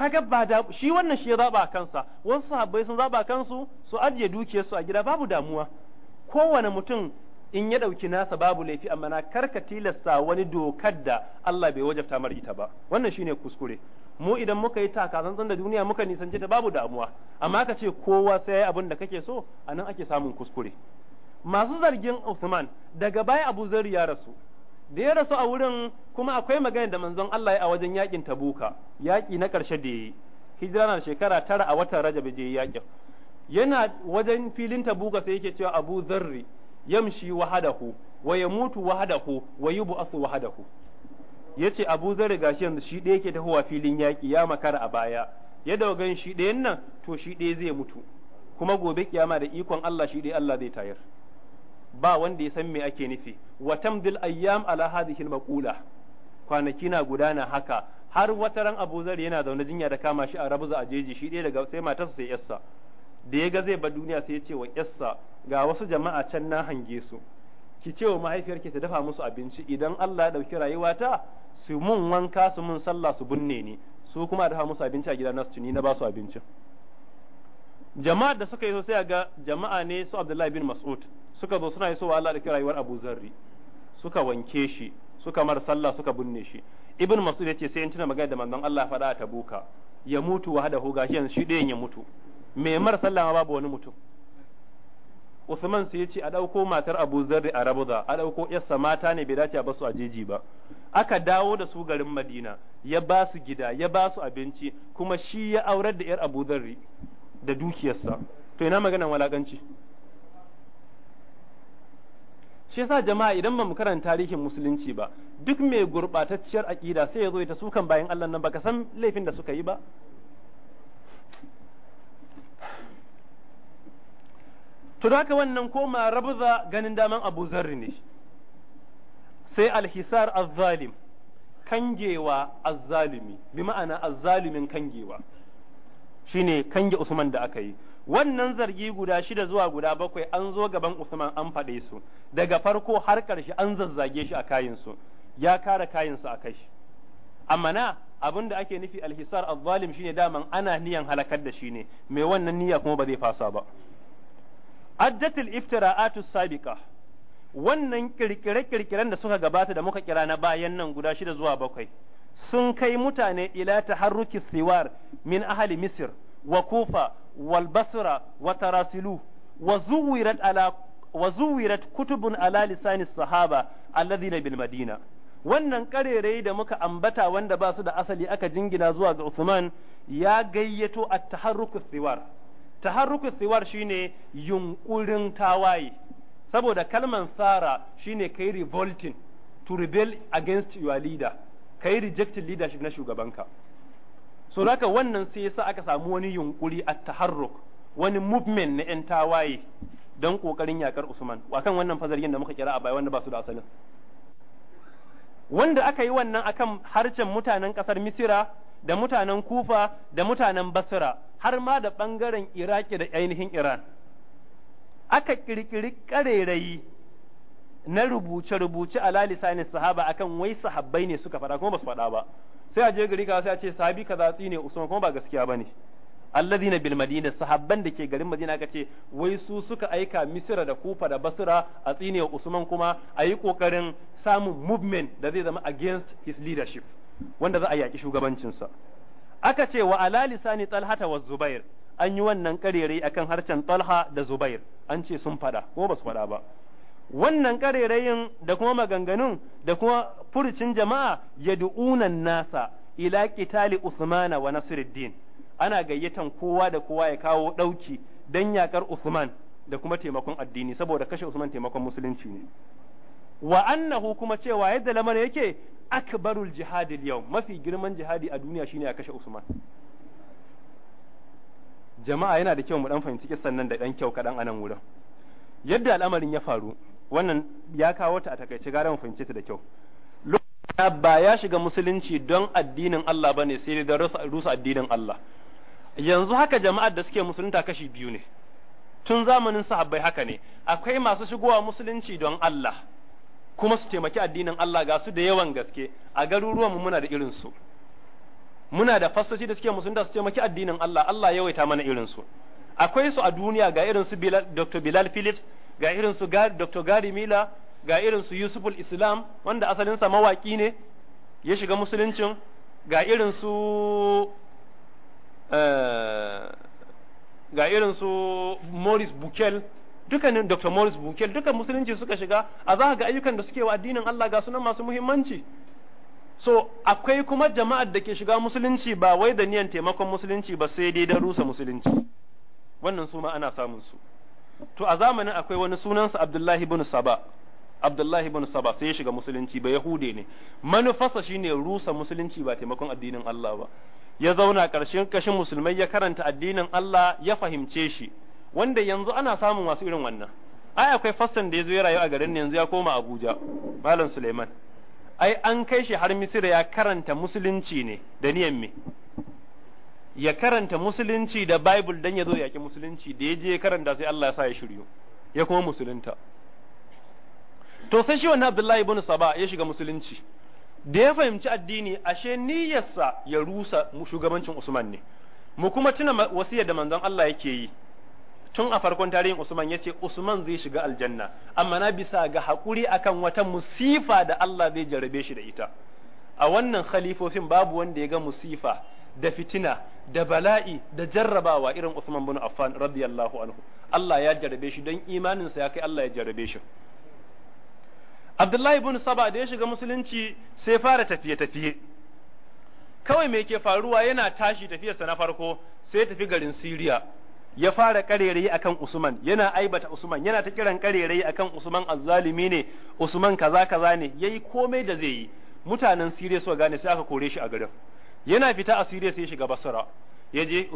kaga ba da shi wannan shi ya zaba kansa wasu sahabbai sun zaba kansu su ajiye dukiyarsu a gida babu damuwa kowane mutum in ya ɗauki nasa babu laifi amma na karka tilasta wani dokar da Allah bai wajabta mar ita ba wannan shine kuskure mu idan muka yi taka takatsantsan da duniya muka nisanci ta babu damuwa amma ka ce kowa sai yayi abin da kake so anan ake samun kuskure masu zargin usman daga baya Abu Zar ya rasu da ya rasu a wurin kuma akwai magana da manzon Allah ya a wajen yakin Tabuka yaki na karshe da yayi hijira na shekara tara a watan Rajab je yakin yana wajen filin Tabuka sai yake cewa Abu Dharri yamshi wahadahu wa yamutu wahadahu wa asu wahadahu yace Abu Dharri gashi yanzu shi ɗaya yake tahowa filin yaki ya makara a baya ya dogan shi ɗayan nan to shi ɗaya zai mutu kuma gobe kiyama da ikon Allah shi ɗaya Allah zai tayar ba wanda ya san me ake nufi wa tamdil ayyam ala hadhihi almaqula kwanaki na gudana haka har wata ran Abu Zar yana zaune jinya da kama shi a rabuza a jeji shi ɗaya daga sai matarsa sai yassa da ya ga zai bar duniya sai ya ce wa yassa ga wasu jama'a can na hange su ki ce wa mahaifiyarki ta dafa musu abinci idan Allah ya dauki rayuwata su mun wanka su mun sallah su binne ni su kuma dafa musu abinci a gida nasu ni na ba su abincin jama'a da suka yi so sai ga jama'a ne su Abdullahi bin Mas'ud suka zo suna wa Allah da kira rayuwar Abu Zarri suka wanke shi suka mar sallah suka binne shi ibn mas'ud yace sai in tuna magana da manzon Allah faɗa a tabuka ya mutu wa hada hoga shi yanzu shi ɗayan ya mutu me mar sallah ma babu wani mutum Usman sai yace a ɗauko matar Abu Zarri a Rabuza a ɗauko yarsa mata ne bai dace a basu a jeji ba aka dawo da su garin Madina ya ba su gida ya ba su abinci kuma shi ya aurar da yar Abu Zarri da dukiyarsa to ina maganan walakanci shi yasa jama'a idan ba mu karanta tarihin musulunci ba duk mai gurbatacciyar aƙida sai ya zo ta sukan bayan Allah nan baka san laifin da suka yi ba to haka wannan koma rabza ganin daman Abu Zarr ne sai alhisar azzalim kangewa azzalimi bi ma'ana azzalimin kangewa shine kange Usman da aka yi wannan zargi guda shida zuwa guda bakwai an zo gaban Usman an faɗe su daga farko har ƙarshe an zazzage shi a kayansu ya kare kayansu a kai amma na abin da ake nufi alhisar azzalim shine daman ana niyan halakar da shi ne mai wannan niyya kuma ba zai fasa ba addatul iftira'atu sabiqa wannan kirkire-kirkiren da suka gabata da muka kira na bayan nan guda shida zuwa bakwai sun kai mutane ila taharruki siwar min ahli misir wa kufa والبصرة وتراسلوه wa على wa zuwirat على لسان الصحابة kutubun بالمدينة sahaba bil madina wannan karerai da muka ambata wanda ba su da asali aka jingina zuwa ga Usman ya gayyato at-taharruku thiwar taharruku thiwar shine yunkurin tawaye saboda kalman sara shine kai revolting to rebel against your leader kai reject leadership na shugabanka so haka wannan sai yasa aka samu wani yunkuri a taharruk wani movement na 'yan tawaye don kokarin yakar Usman akan wannan fazarin da muka kira a baya wanda ba su da asalin wanda aka yi wannan akan harcen mutanen kasar Misira da mutanen Kufa da mutanen Basra har ma da bangaren Iraki da ainihin Iran aka kirkiri karerayi na rubuce-rubuce a lalisanin sahaba akan wai sahabbai ne suka faɗa kuma ba su faɗa ba sai a je gari ka sai a ce sahabi kaza tsine usman kuma ba gaskiya bane alladhina bil madina sahabban da ke garin madina aka ce wai su suka aika misira da kufa da basra a tsine usman kuma a yi kokarin samun movement da zai zama against his leadership wanda za a yaki shugabancinsa aka ce wa ala lisani talhata wa zubair an yi wannan karere akan harcen talha da zubair an ce sun fada ko ba su fada ba wannan ƙarerayin da kuma maganganun da kuma furucin jama'a ya du'unan nasa ila qitali usmana wa Nasiruddin ana gayyatan kowa da kowa ya kawo ɗauki don yakar usman da kuma taimakon addini saboda kashe usman taimakon musulunci ne wa annahu kuma cewa yadda lamar yake akbarul jihadi yau mafi girman jihadi a duniya shine a kashe usman jama'a yana da kyau mu dan fahimci kissan nan da dan kyau kaɗan anan wurin yadda al'amarin ya faru wannan ya kawo ta a takaice gara mu fahimce ta da kyau lokacin ba ya shiga musulunci don addinin Allah bane sai da rusa addinin Allah yanzu haka jama'ar da suke musulunta kashi biyu ne tun zamanin sahabbai haka ne akwai masu shigowa musulunci don Allah kuma su taimaki addinin Allah ga su da yawan gaske a garuruwanmu muna da irin su muna da fasoci da suke musulunta su taimaki addinin Allah Allah yawaita mana irin su akwai su a duniya ga irin su Dr. Bilal Phillips ga irin su Dr. Gary Miller ga irin su Yusuful Islam wanda asalinsa mawaki ne ya shiga musuluncin ga irin su eh, ga irin su Morris Bukel dukanin Dr. Morris Bukel dukan musulunci suka shiga a za ga ayyukan da suke wa addinin Allah ga sunan masu muhimmanci so akwai kuma jama'ar da ke shiga musulunci ba wai da niyan taimakon musulunci ba sai dai da rusa musulunci wannan su ma ana samun su to a zamanin akwai wani sunansa Abdullahi ibn Saba Abdullahi ibn Saba sai ya shiga musulunci ba Yahude ne manufarsa shine rusa musulunci ba taimakon addinin Allah ba ya zauna ƙarshen kashin musulmai ya karanta addinin Allah ya fahimce shi wanda yanzu ana samun masu irin wannan ai akwai fastan da ya zo ya rayu a garin ne yanzu ya koma Abuja Malam Suleiman ai an kai shi har Misira ya karanta musulunci ne da niyan me ya karanta musulunci da bible dan ya zo yaki musulunci da ya je ya karanta sai Allah ya sa ya shiryo ya kuma musulunta to sai shi wannan Abdullahi ibn Saba ya shiga musulunci da ya fahimci addini ashe niyyarsa ya rusa shugabancin Usman ne mu kuma tuna wasiyar da manzon Allah yake yi tun a farkon tarihin Usman yace Usman zai shiga aljanna amma na bisa ga hakuri akan wata musifa da Allah zai jarabe shi da ita a wannan khalifofin babu wanda ya ga musifa da fitina da bala'i da jarrabawa irin Usman bin Affan radiyallahu anhu Allah ya jarrabe shi don imaninsa ya kai Allah ya jarrabe shi Abdullahi bin Saba da ya shiga musulunci sai fara tafiye-tafiye kawai me ke faruwa yana tashi tafiyarsa na farko sai tafi garin Siriya ya fara karerayi akan Usman yana aibata Usman yana ta kiran karerayi akan Usman azzalimi ne Usman kaza kaza ne yayi komai da zai yi mutanen Siriya suka gane sai aka kore shi a garin yana fita a Siriya sai shiga Basra ya je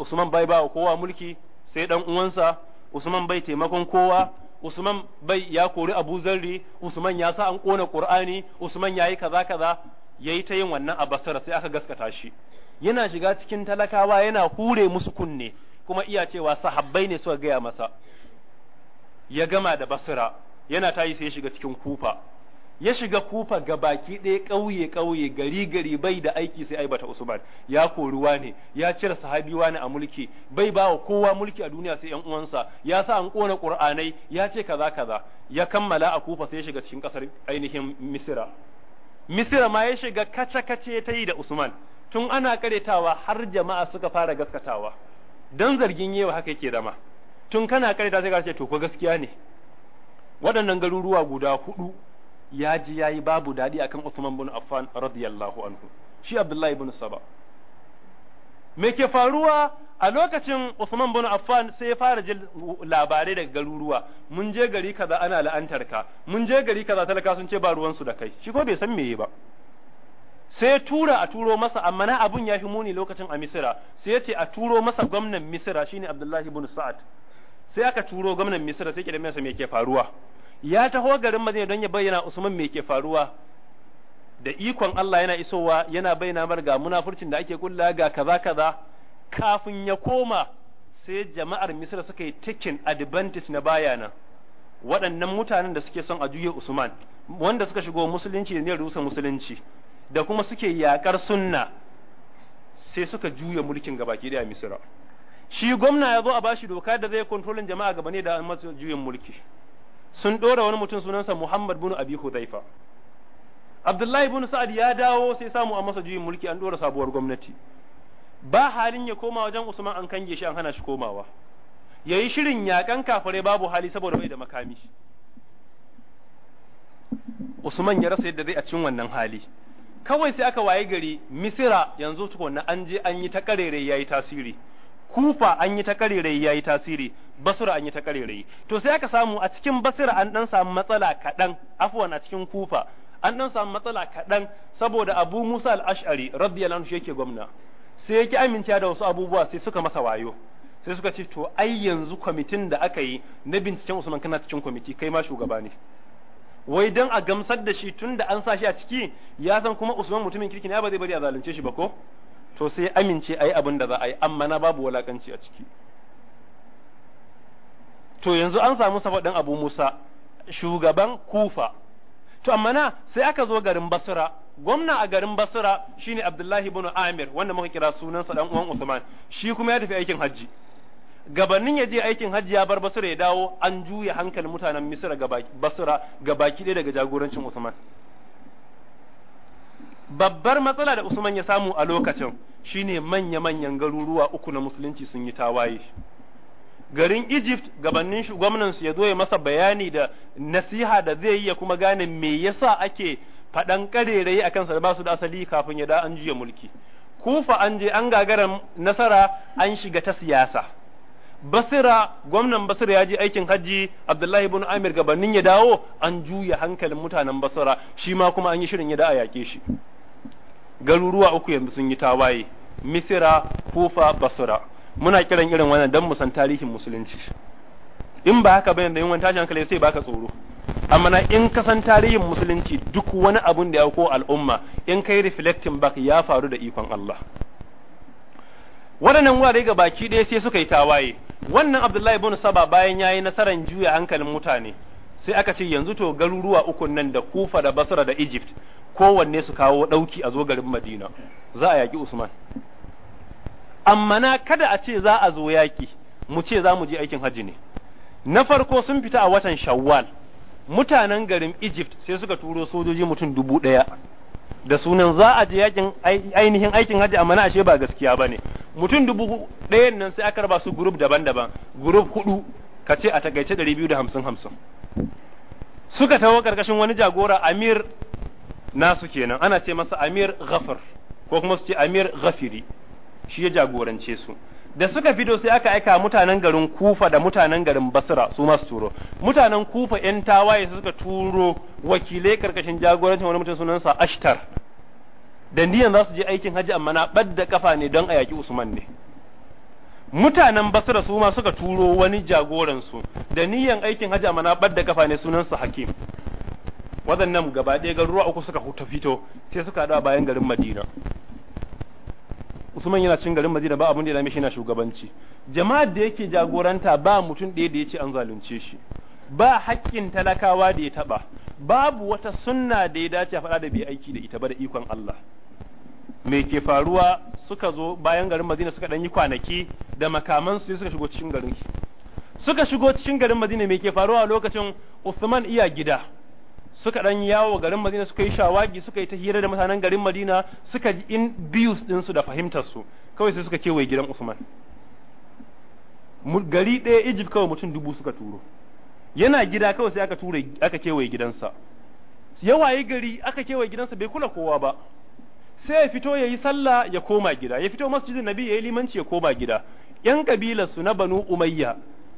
Usman bai ba kowa mulki sai dan uwansa Usman bai taimakon kowa Usman bai ya kori Abu Zarri Usman ya sa an kona Qur'ani Usman yayi kaza kaza yayi ta yin wannan a Basra sai aka gaskata shi yana shiga cikin talakawa yana hure musu kunne kuma iya cewa sahabbai ne suka gaya masa ya gama da Basra yana tayi sai shiga cikin Kufa ya shiga kufa ga baki ɗaya ƙauye ƙauye gari gari bai da aiki sai aibata usman ya koruwa ne ya cire sahabiwa ne a mulki bai bawa kowa mulki a duniya sai yan uwansa ya sa an ƙona ƙur'anai ya ce kaza kaza ya kammala a kufa sai ya shiga cikin ƙasar ainihin misira misira ma ya shiga kace kace ta yi da usman tun ana karetawa har jama'a suka fara gaskatawa dan zargin yewa haka yake zama tun kana karetawa sai ka ce to ko gaskiya ne waɗannan garuruwa guda hudu ya ji ya yi babu daɗi akan Usman bin Affan radiyallahu anhu shi Abdullahi bin Saba me ke faruwa a lokacin Usman bin Affan sai ya fara jin labarai daga garuruwa mun je gari kaza ana la'antar ka mun je gari kaza talaka sun ce ba ruwan su da kai shi ko bai san meye ba sai tura a turo masa amma na abun ya fi muni lokacin a Misira sai ya ce a turo masa gwamnan Misira shine Abdullahi bin Sa'ad sai aka turo gwamnan Misira sai ke da me ke faruwa ya taho garin Madina don ya bayyana Usman me ke faruwa da ikon Allah yana isowa yana bayyana mar ga munafurcin da ake kulla ga kaza kaza kafin ya koma sai jama'ar Misra suka yi tikin advantage na bayana waɗannan mutanen da suke son a juye Usman wanda suka shigo musulunci ne rusa musulunci da kuma suke yakar sunna sai suka juya mulkin gabaki da Misra shi gwamna ya zo a bashi doka da zai kontrolin jama'a gaba ne da juyin mulki sun ɗora wani mutum sunansa Muhammad bin Abi Hudhaifa Abdullahi bin Sa'ad ya dawo sai samu a masa juyin mulki an ɗora sabuwar gwamnati ba halin ya koma wajen Usman an kange shi an hana shi komawa yayi shirin yaƙan kafare babu hali saboda bai da makami Usman ya rasa yadda zai a cikin wannan hali kawai sai aka waye gari Misira yanzu tukunna an je an yi ta ya yayi tasiri kufa an yi ta karerai yi tasiri basura an yi ta karerai to sai aka samu a cikin basira an dan samu matsala kaɗan afwan a cikin kufa an dan samu matsala kaɗan saboda abu musa al-ash'ari radiyallahu anhu yake gwamna sai yake amincewa da wasu abubuwa sai suka masa wayo sai suka ce to ai yanzu kwamitin da aka yi na binciken usman kana cikin kwamiti kai ma shugaba ne wai dan a gamsar da shi tunda an sa shi a ciki ya san kuma usman mutumin kirki ne ba zai bari a zalunce shi ba ko to sai amince a yi abin da za a yi amma na babu walakanci a ciki to yanzu an samu safaɗin abu musa shugaban kufa to amma na sai aka zo garin Basira. gwamna a garin basra shine abdullahi ibn amir wanda muka kira sunansa dan uwan usman shi kuma ya tafi aikin hajji gabanin ya je aikin hajji ya bar Basira ya dawo an juya hankalin mutanen misra ga Basira ga baki daga jagorancin usman babbar matsala da Usman ya samu a lokacin shine manya-manyan garuruwa uku na musulunci sun yi tawaye garin Egypt gabanin gwamnansu ya zo ya masa bayani da nasiha da zai yi ya kuma gane me yasa ake faɗan ƙarerayi akan sa da ba su da asali kafin ya da an juya mulki kufa an je an gagara nasara an shiga ta siyasa basira gwamnan basira ya je aikin hajji abdullahi ibn amir gabanin ya dawo an juya hankalin mutanen basira shi ma kuma an yi shirin ya da a yaƙe shi garuruwa uku yanzu sun yi tawaye misira kufa basra muna kiran irin wannan dan mu san tarihin musulunci in ba haka bane da yin tashin hankali sai baka tsoro amma na in ka san tarihin musulunci duk wani abun da ya ko al'umma in kai reflecting back ya faru da ikon Allah waɗannan wurare ga baki ɗaya sai suka yi tawaye wannan Abdullahi ibn Saba bayan yayi nasarar juya hankalin mutane sai aka ce yanzu to garuruwa ukun nan da kufa da basra da egypt kowanne su kawo ɗauki a zo garin madina za a yaƙi usman amma na kada a ce za a zo yaƙi mu ce za mu je aikin hajji ne na farko sun fita a watan shawwal mutanen garin egypt sai suka turo sojoji mutum dubu ɗaya da sunan za a je yakin ainihin aikin hajji amma na ashe ba gaskiya ba ne mutum dubu ɗayan nan sai aka raba su gurub daban-daban gurub hudu ka ce a takaice hamsin hamsin suka tawo ƙarƙashin wani jagora amir nasu kenan ana ce masa amir ghafir ko kuma su ce amir ghafiri shi ya jagorance su da suka fito sai aka aika mutanen garin kufa da mutanen garin Basira su masu turo mutanen kufa yan tawaye suka turo wakilai ƙarƙashin jagorancin wani mutum sunansa ashtar da niyan za su je aikin haji amma na ɓadda kafa ne don a yaƙi usman ne mutanen basra su ma suka turo wani jagoransu da niyan aikin hajji amana na da kafa ne sunansa hakim wadannan gaba ɗaya garuruwa uku suka fito sai suka haɗu a bayan garin madina Usman yana cin garin Madina ba abun da ya dame shi yana shugabanci. Jama'ar da yake jagoranta ba mutum ɗaya da ya ce an zalunce shi. Ba haƙƙin talakawa da ya taɓa. Babu wata sunna da ya dace a faɗa da bai aiki da ita ba da ikon Allah. me ke faruwa suka zo bayan garin Madina suka ɗan yi kwanaki da makamansu suka shigo cikin garin suka shigo cikin garin Madina me ke faruwa lokacin Uthman iya gida suka ɗan yawo garin Madina suka yi shawagi suka yi ta hira da mutanen garin Madina suka ji in bius din su da fahimtarsu kawai sai suka kewaye gidan Uthman gari ɗaya Egypt kawai mutum dubu suka turo yana gida kawai sai aka ture aka kewaye gidansa yawaye gari aka kewaye gidansa bai kula kowa ba sai ya fito ya yi sallah ya koma gida ya fito masjidin nabi ya yi limanci ya koma gida yan kabilar su na banu umayya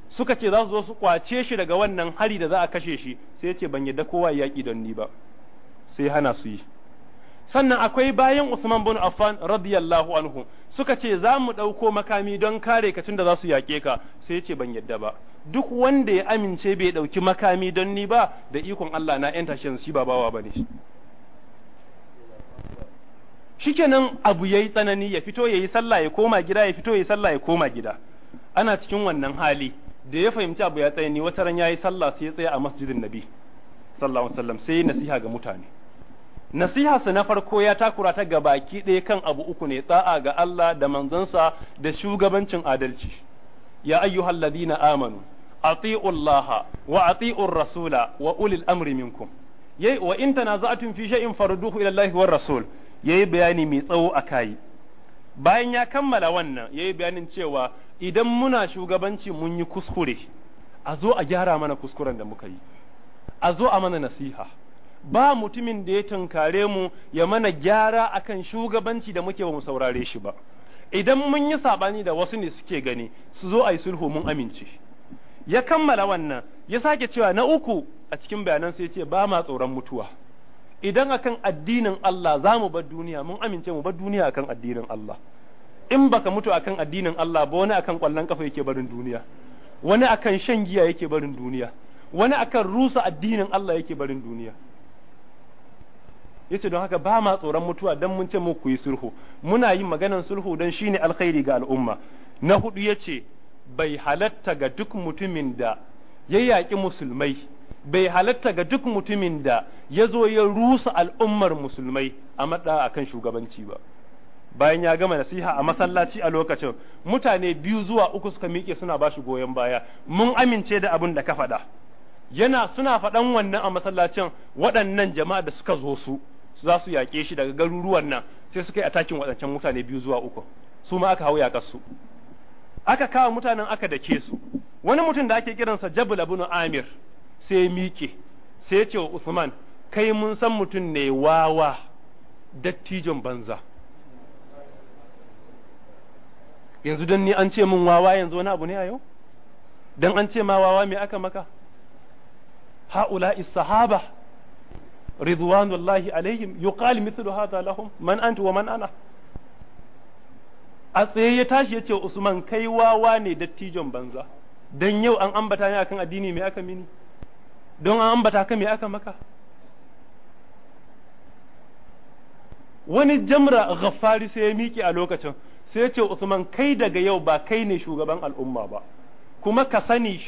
suka ce za su zo su kwace shi daga wannan hari da za a kashe shi sai ya ce ban yadda kowa yaƙi don ni ba sai hana su yi sannan akwai bayan Usman bin Affan radiyallahu anhu suka ce za mu ɗauko makami don kare ka tunda za su yaƙe ka sai ya ce ban yadda ba duk wanda ya amince bai ɗauki makami don ni ba da ikon Allah na 'yan shi ba bawa ba ne shikenan abu ya yi tsanani ya fito ya yi sallah ya koma gida ya fito ya yi sallah ya koma gida ana cikin wannan hali da ya fahimci abu ya tsanani wata ran ya yi sallah sai ya tsaya a masjidin nabi sallallahu alaihi wasallam sai nasiha ga mutane nasiha sa na farko ya takura ta gabaki ɗaya kan abu uku ne tsa'a ga Allah da manzansa da shugabancin adalci ya ayyuhal ladina amanu ati'u Allah wa ati'u rasula wa ulil amri minkum yai wa in tanaza'tum fi shay'in farduhu ila Allah war rasul ya yi bayani mai tsawo a kayi bayan ya kammala wannan ya yi bayanin cewa idan muna shugabanci mun yi kuskure a zo a gyara mana kuskuren da muka yi a zo a mana nasiha ba mutumin da ya tunkare mu ya mana gyara akan shugabanci da muke ba mu saurare shi ba idan mun yi sabani da wasu ne suke gani su zo a yi sulhu mun amince ya kammala wannan ya sake cewa na uku a cikin bayanan sai ce ba ma tsoron mutuwa idan akan addinin Allah za mu bar duniya mun amince mu bar duniya akan addinin Allah in baka mutu akan addinin Allah ba wani akan kwallon kafa yake barin duniya wani akan shan giya yake barin duniya wani akan rusa addinin Allah yake barin duniya yace don haka ba ma tsoron mutuwa dan mun ce mu ku yi sulhu muna yin maganan sulhu dan shine alkhairi ga al'umma na hudu yace bai halatta ga duk mutumin da ya yaƙi musulmai bai halatta ga duk mutumin da ya zo ya rusa al'ummar musulmai a maɗa a kan shugabanci ba bayan ya gama nasiha a masallaci a lokacin mutane biyu zuwa uku suka miƙe suna ba shi goyon baya mun amince da abin da ka faɗa yana suna faɗan wannan a masallacin waɗannan jama'a da suka zo su za su yaƙe shi daga garuruwan nan sai suka yi takin waɗancan mutane biyu zuwa uku su ma aka hau yaƙar su aka kawo mutanen aka dake su wani mutum da ake kiransa jabul ibn amir sai miƙe sai ya ce wa Usman kai mun san mutum ne wawa dattijon banza yanzu don ni an ce mun wawa yanzu wani abu ne a yau don an ce ma wawa me aka maka ha'ula sahaba ridwanullahi alaihim yuqal mithlu hadha lahum man anta wa man ana a tsaye ya tashi ya ce Usman kai wawa ne dattijon banza dan yau an ambata ne akan addini me aka mini don an ambata ka me aka maka wani jamra ghaffari sai ya miƙe a lokacin sai ce Usman kai daga yau ba kai ne shugaban al'umma ba kuma ka sani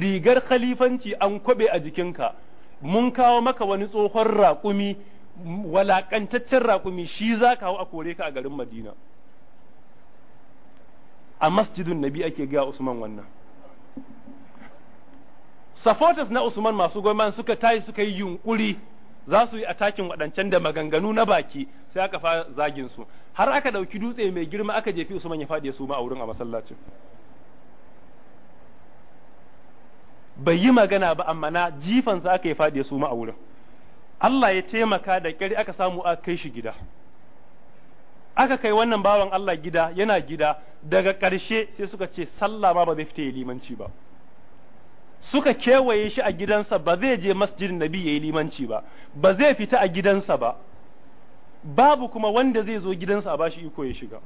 rigar khalifanci an kwabe a jikinka mun kawo maka wani tsohon raƙumi walaƙantaccen raƙumi shi za ka hau a kore ka a garin Madina a masjidun nabi ake gaya Usman wannan supporters na Usman masu goma suka tayi suka yi yunkuri za su yi atakin waɗancan da maganganu na baki sai aka fa zagin su har aka ɗauki dutse mai girma aka jefi Usman ya faɗi ya suma a wurin a masallacin bai yi magana ba amma na jifan sa aka yi faɗi ya suma a wurin Allah ya taimaka da ƙyar aka samu a kai shi gida aka kai wannan bawan Allah gida yana gida daga ƙarshe sai suka ce sallah ma ba zai fita ya limanci ba suka kewaye shi a gidansa ba zai je masjidin nabi ya yi limanci ba ba zai fita a gidansa ba babu kuma wanda zai zo gidansa a bashi iko ya shiga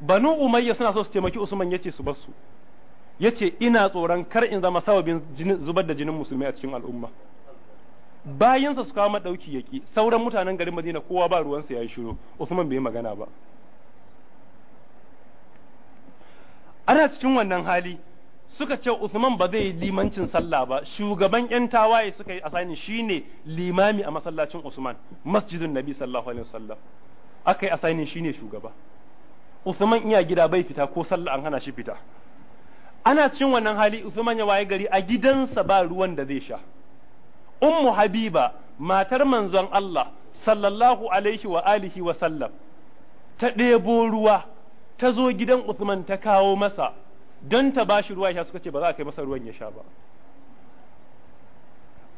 banu umayya suna so su taimaki usman yace su basu yace ina tsoron kar in zama sababin zubar da jinin musulmi a cikin al'umma bayansa su kawo madauki yaki sauran mutanen garin madina kowa ba ruwansa ya yi shiru usman bai magana ba ana cikin wannan hali suka ce Usman ba zai yi limancin sallah ba shugaban yan tawaye suka yi asani shine limami a masallacin Usman masjidin Nabi sallallahu alaihi wasallam aka yi asani shine shugaba Usman iya gida bai fita ko sallah an hana shi fita ana cin wannan hali Usman ya waye gari a gidansa ba ruwan da zai sha Ummu Habiba matar manzon Allah sallallahu alaihi wa alihi wa sallam ta ɗebo ruwa ta zo gidan Usman ta kawo masa don ta ba shi ruwa ya sha suka ce ba za a kai masa ruwan ya sha ba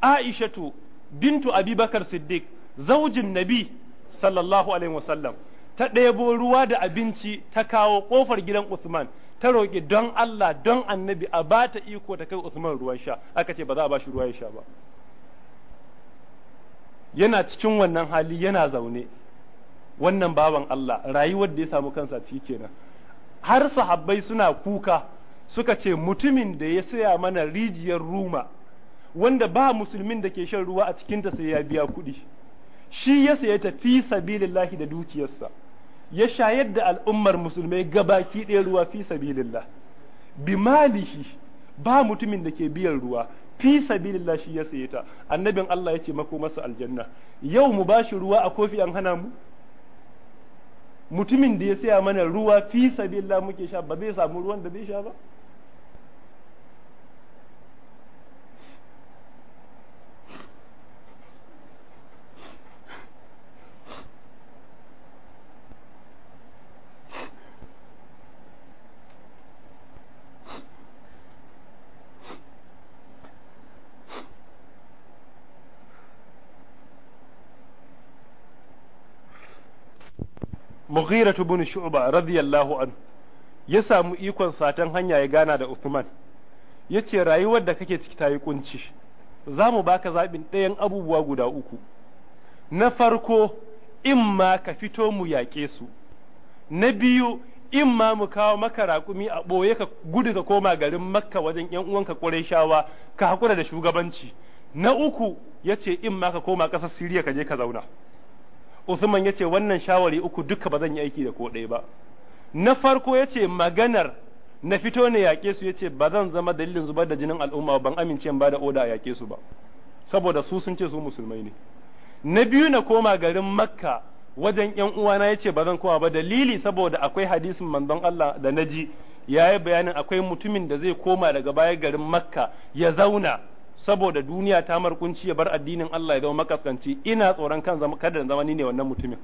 Aishatu bintu Abubakar Siddiq zaujin Nabi sallallahu alaihi wasallam ta ɗebo ruwa da abinci ta kawo ƙofar gidan Usman ta roƙi don Allah don annabi a ba ta iko ta kai Usman ruwan sha aka ce ba za a ba shi ruwa ya sha ba yana cikin wannan hali yana zaune wannan bawan Allah rayuwar da ya samu kansa ciki kenan har sahabbai suna kuka suka ce mutumin da ya saya mana rijiyar ruma wanda ba musulmin da ke shan ruwa a cikinta sai ya biya kuɗi shi ya saya ta fi sabilillahi da dukiyarsa ya shayar da al'ummar musulmai gabaki ɗaya ruwa fi sabilillah bi malihi ba mutumin da ke biyan ruwa fi sabilillah shi ya saya ta annabin Allah ya ce mako masa aljanna yau mu bashi ruwa a kofi an hana mu mutumin da ya saya mana ruwa fi sabilla muke sha ba zai samu ruwan da zai sha ba Mughira bin Shu'ba radiyallahu anhu ya samu ikon satan hanya ya gana da Uthman yace rayuwar da kake ciki ta yi kunci za mu baka zaɓin ɗayan abubuwa guda uku na farko in ma ka fito mu yaƙe su na biyu in ma mu kawo maka raƙumi a ɓoye ka gudu ka koma garin makka wajen yan uwanka shawa ka haƙura da shugabanci na uku yace ce in ma ka koma ƙasar siriya ka je ka zauna Usman yace wannan shawari uku duka ba zan yi aiki da ko ɗaya ba na farko yace maganar na fito ne yaƙe su yace ba zan zama dalilin zubar da jinin al'umma ban amince ba da oda a yaƙe su ba saboda su sun ce su musulmai ne na biyu na koma garin makka wajen yan uwana yace ba zan koma ba dalili saboda akwai hadisin manzon Allah da naji yayi bayanin akwai mutumin da zai koma daga baya garin makka ya zauna saboda duniya ta markunci ya bar addinin Allah ya zama makaskanci ina tsoron kan zama kada zama ni ne wannan mutumin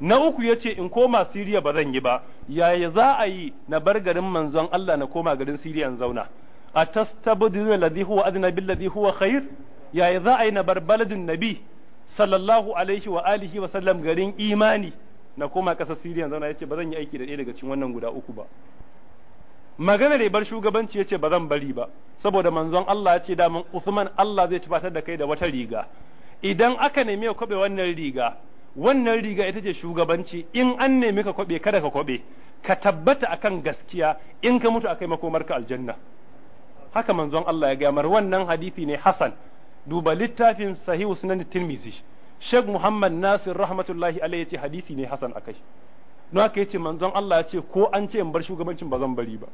na uku ya ce in koma Siriya ba zan yi ba yaya za a yi na bar garin manzon Allah na koma garin Siriya in zauna a alladhi huwa adna bil ladhi huwa khair yaya za a yi na bar baladin nabi sallallahu alaihi wa alihi wa sallam garin imani na koma kasar Siriya zauna yace ba zan yi aiki da ɗaya daga cikin wannan guda uku ba maganar ya bar shugabanci ce ba zan bari ba saboda manzon Allah ya ce daman Uthman Allah zai tufatar da kai da wata riga idan aka nemi ka kwabe wannan riga wannan riga ita ce shugabanci in an nemi ka kwabe kada ka kwabe ka tabbata akan gaskiya in ka mutu akai makomarka aljanna haka manzon Allah ya gamar wannan hadisi ne Hassan duba littafin sahih sunan Tirmidhi Sheikh Muhammad Nasir rahmatullahi alaihi ya ce hadisi ne Hasan akai don haka yace manzon Allah ya ce ko an ce in bar shugabancin ba zan bari ba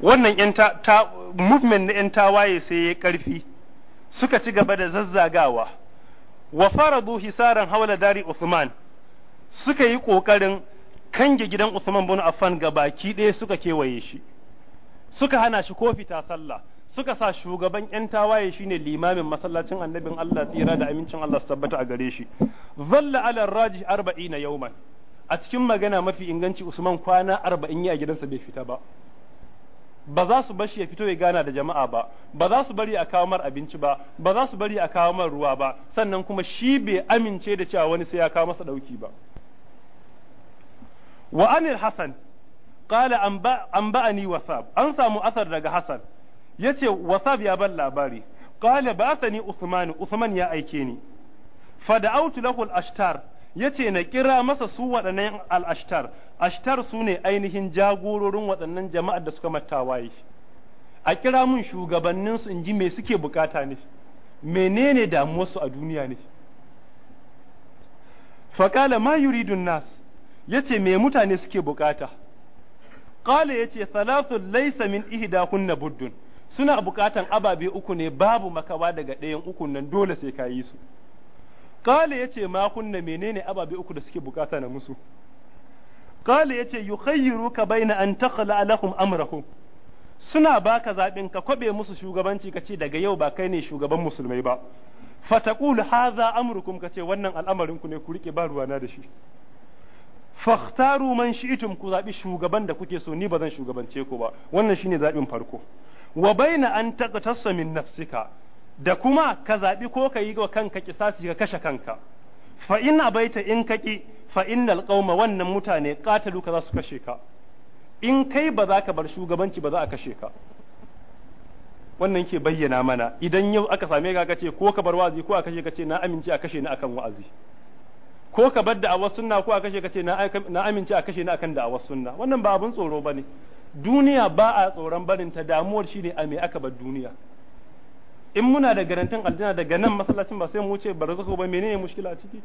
wannan yan ta movement na yan tawaye sai ya karfi suka ci gaba da zazzagawa wa faradu hisaran hawla dari Uthman suka yi ƙoƙarin. kange gidan Usman bin Affan ga baki ɗaya suka kewaye shi suka hana shi ko fita sallah suka sa shugaban yan tawaye ne limamin masallacin annabin Allah tsira da amincin Allah su tabbata a gare shi zalla ala raji 40 yawman a cikin magana mafi inganci Usman kwana 40 ya gidansa bai fita ba ba za su bashi ya fito ya gana da jama'a ba ba za su bari a kawo mar abinci ba ba za su bari a kawo mar ruwa ba sannan kuma shi bai amince da cewa wani sai ya kawo masa dauki ba wa anil hasan qala ni wasab an samu asar daga hasan yace wasab ya ban labari qala ba'athani usman usman ya aike ni fada'autu lahu al-ashtar yace na kira masa su waɗannan al-ashtar ashtar su ne ainihin jagororin waɗannan jama'ar da suka mattawaye a kira mun shugabannin su inji me suke bukata ne menene damuwarsu a duniya ne faƙala ma yuridun nas yace me mutane suke bukata ya ce thalathu laisamin min kunna buddun suna bukatan ababe uku ne babu makawa daga ɗayan ukun nan dole sai ka yi su ya ce ma kunna menene ababe uku da suke bukata na musu qala yace ka baina an takhla lahum amrahum suna baka zaɓin ka kwabe musu shugabanci ka ce daga yau ba kai ne shugaban musulmai ba fataqulu hadha amrukum ka ce wannan al'amarin ku ne ku rike ba ruwana da shi fakhtaru man shi'tum ku zaɓi shugaban da kuke so ni ba zan shugabance ku ba wannan shine zabin farko wa baina an taqtassa min nafsika da kuma ka zaɓi ko ka yi wa kanka kisasi ka kashe kanka fa in abaita in kaki fa innal qauma wannan mutane qatalu ka za su kashe ka in kai ba za ka bar shugabanci ba za a kashe ka wannan ke bayyana mana idan yau aka same ka ce ko ka bar wa'azi ko a kashe ka ce na amince a kashe ni akan wa'azi ko ka bar da da'awar sunna ko a kashe ka ce na amince a kashe ni akan da'awar sunna wannan ba abin tsoro bane duniya ba a tsoron barin ta damuwar shine a me aka bar duniya in muna da garantin aljanna daga nan masallacin ba sai mu wuce barzaku ba menene mushkila a ciki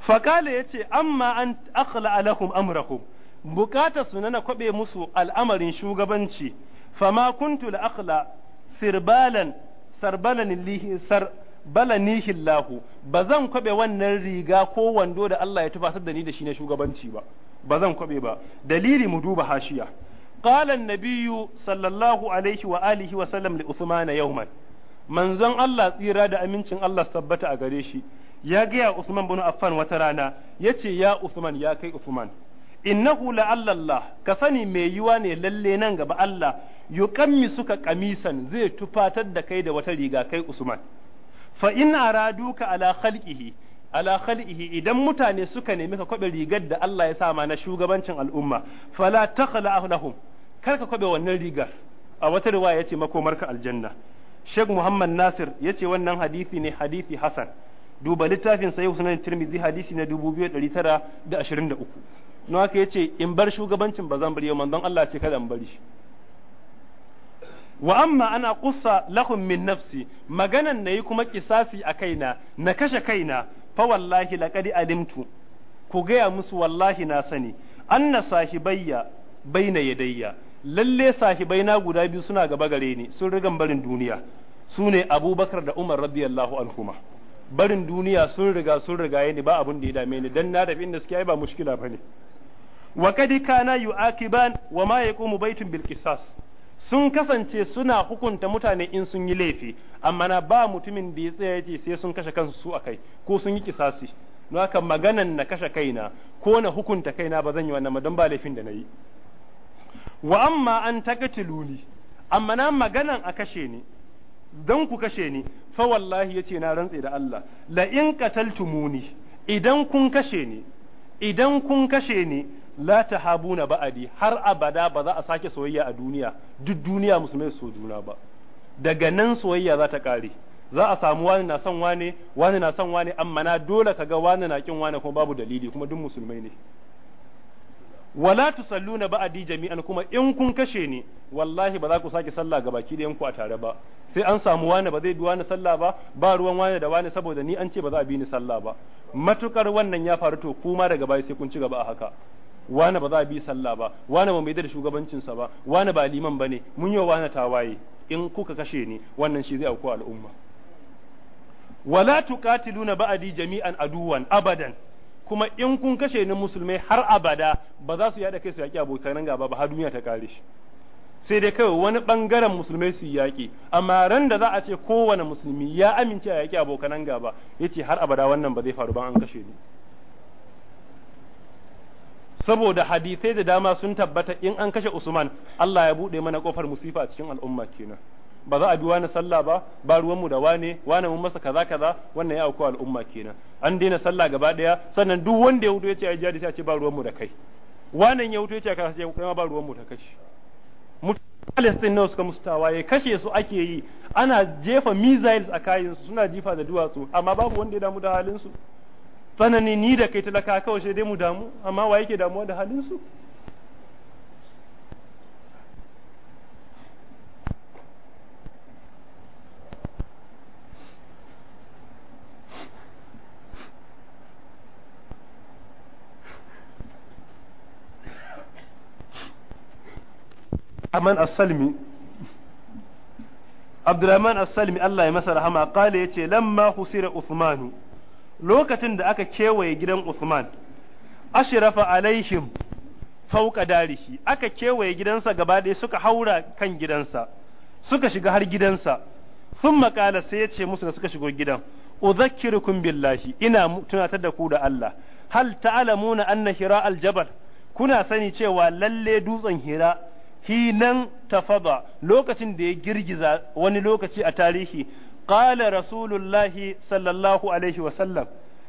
fakale yace amma an akhla alakum amrakum bukata su kwabe musu al'amarin shugabanci fama kuntu la akhla sirbalan sarbalan lihi sar Bala balanihillahu ba zan kwabe wannan riga ko wando da Allah ya tufatar da ni da shi na shugabanci ba ba zan kwabe ba dalili mu duba hashiya qala an-nabiyyu sallallahu alaihi wa alihi wa sallam li usmana yawman manzon Allah tsira da amincin Allah sabbata a gare shi ya gaya Usman bin Affan wata rana yace ya Usman ya kai Usman innahu la'alla Allah ka sani mai yiwa ne lalle nan gaba Allah yuqammi suka kamisan zai tufatar da kai da wata riga kai Usman fa in araduka ala khalqihi ala khalqihi idan mutane suka nemi ka kwabe rigar da Allah ya sa ma na shugabancin al'umma fala takhla ahlahum kar ka kwabe wannan rigar a wata riwaya yace makomarka aljanna Sheikh Muhammad Nasir yace wannan hadisi ne hadisi hasan duba littafin sahih sunan Tirmidhi hadisi na 2923 don haka yace in bar shugabancin ba zan bari manzon Allah ce kada in bari shi wa amma ana qussa lahum min nafsi maganan nayi kuma kisasi a kaina na kashe kaina fa wallahi laqad alimtu ku gaya musu wallahi na sani anna sahibayya baina yadayya lalle sahibai na guda biyu suna gaba gare ni sun rigan barin duniya sune abubakar da umar radiyallahu anhuma barin duniya sun riga sun riga ni ba abun da ya dame ni dan na da tafi inda suke ai ba mushkila bane wa kad kana yu'akiban wa ma yaqumu baitun bil qisas sun kasance suna hukunta mutane in sun yi laifi amma na ba mutumin da ya tsaya ce sai sun kashe kansu su akai ko sun yi kisasi don haka maganan na kashe kaina ko na hukunta kaina ba zan yi wannan don ba laifin da na yi wa amma an taqtuluni amma na maganan a kashe ni dan ku kashe ni fa wallahi yace na rantse da Allah la in qataltumuni idan kun kashe ni idan kun kashe ni la tahabuna ba'adi har abada ba za a sake soyayya a duniya duk duniya musulmai su so juna ba daga nan soyayya za ta kare za a samu wani na son wane wani na son wane amma na dole ga wani na kin wane kuma babu dalili kuma duk musulmai ne wala tusalluna ba'adi jami'an kuma in kun kashe ni wallahi ba za ku sake sallah ga baki da ku a tare ba sai an samu wani ba zai bi wani sallah ba ba ruwan wani da wani saboda ni an ce ba za a bi ni sallah ba matukar wannan ya faru to kuma daga baya sai kun ci gaba a haka wani ba za a bi sallah ba wani ba mai da shugabancinsa ba wani ba liman ba ne mun yi wani tawaye in kuka kashe ni wannan shi zai auku al'umma wala tuqatiluna ba'di jami'an aduwan abadan kuma in kun kashe ni musulmai har abada ba za su yada kai su yaki abokan gaba ba har duniya ta kare shi sai dai kawai wani bangaren musulmai su yaki amma ran da za a ce kowane musulmi ya amince a yaki abokan gaba yace har abada wannan ba zai faru ba an kashe ni saboda hadisai da dama sun tabbata in an kashe Usman Allah ya bude mana kofar musifa a cikin al'umma kenan ba za a bi wani sallah ba ba ruwan mu da wane wane mun masa kaza kaza wannan ya auku al'umma kenan an daina sallah gaba daya sannan duk wanda ya wuto ce ai jihadi sai a ce ba ruwan da kai wannan ya wuto ce ka sai kai ba ruwan mu da kashi Palestine nawa suka mustawa ya kashe su ake yi ana jefa missiles a su suna jifa da duwatsu amma babu wanda ya damu da halin su fanani ni da kai talaka kawai sai dai mu damu amma wa yake damuwa da halin su Abdurrahman As-Salmi Allah ya masa rahama kale ce lamma husira Uthmanu lokacin da aka kewaye gidan Usman ashrafa alaihim fauka darishi, aka kewaye gidansa gaba ɗaya suka haura kan gidansa suka shiga har gidansa sun makala sai ya ce musu da suka shigo gidan udhakkirukum billahi ina tunatar da ku da Allah hal ta'lamuna anna hira aljabal kuna sani cewa lalle dutsen hira hinan tafaba lokacin da ya girgiza wani lokaci a tarihi ƙala rasulullahi sallallahu alaihi wa sallam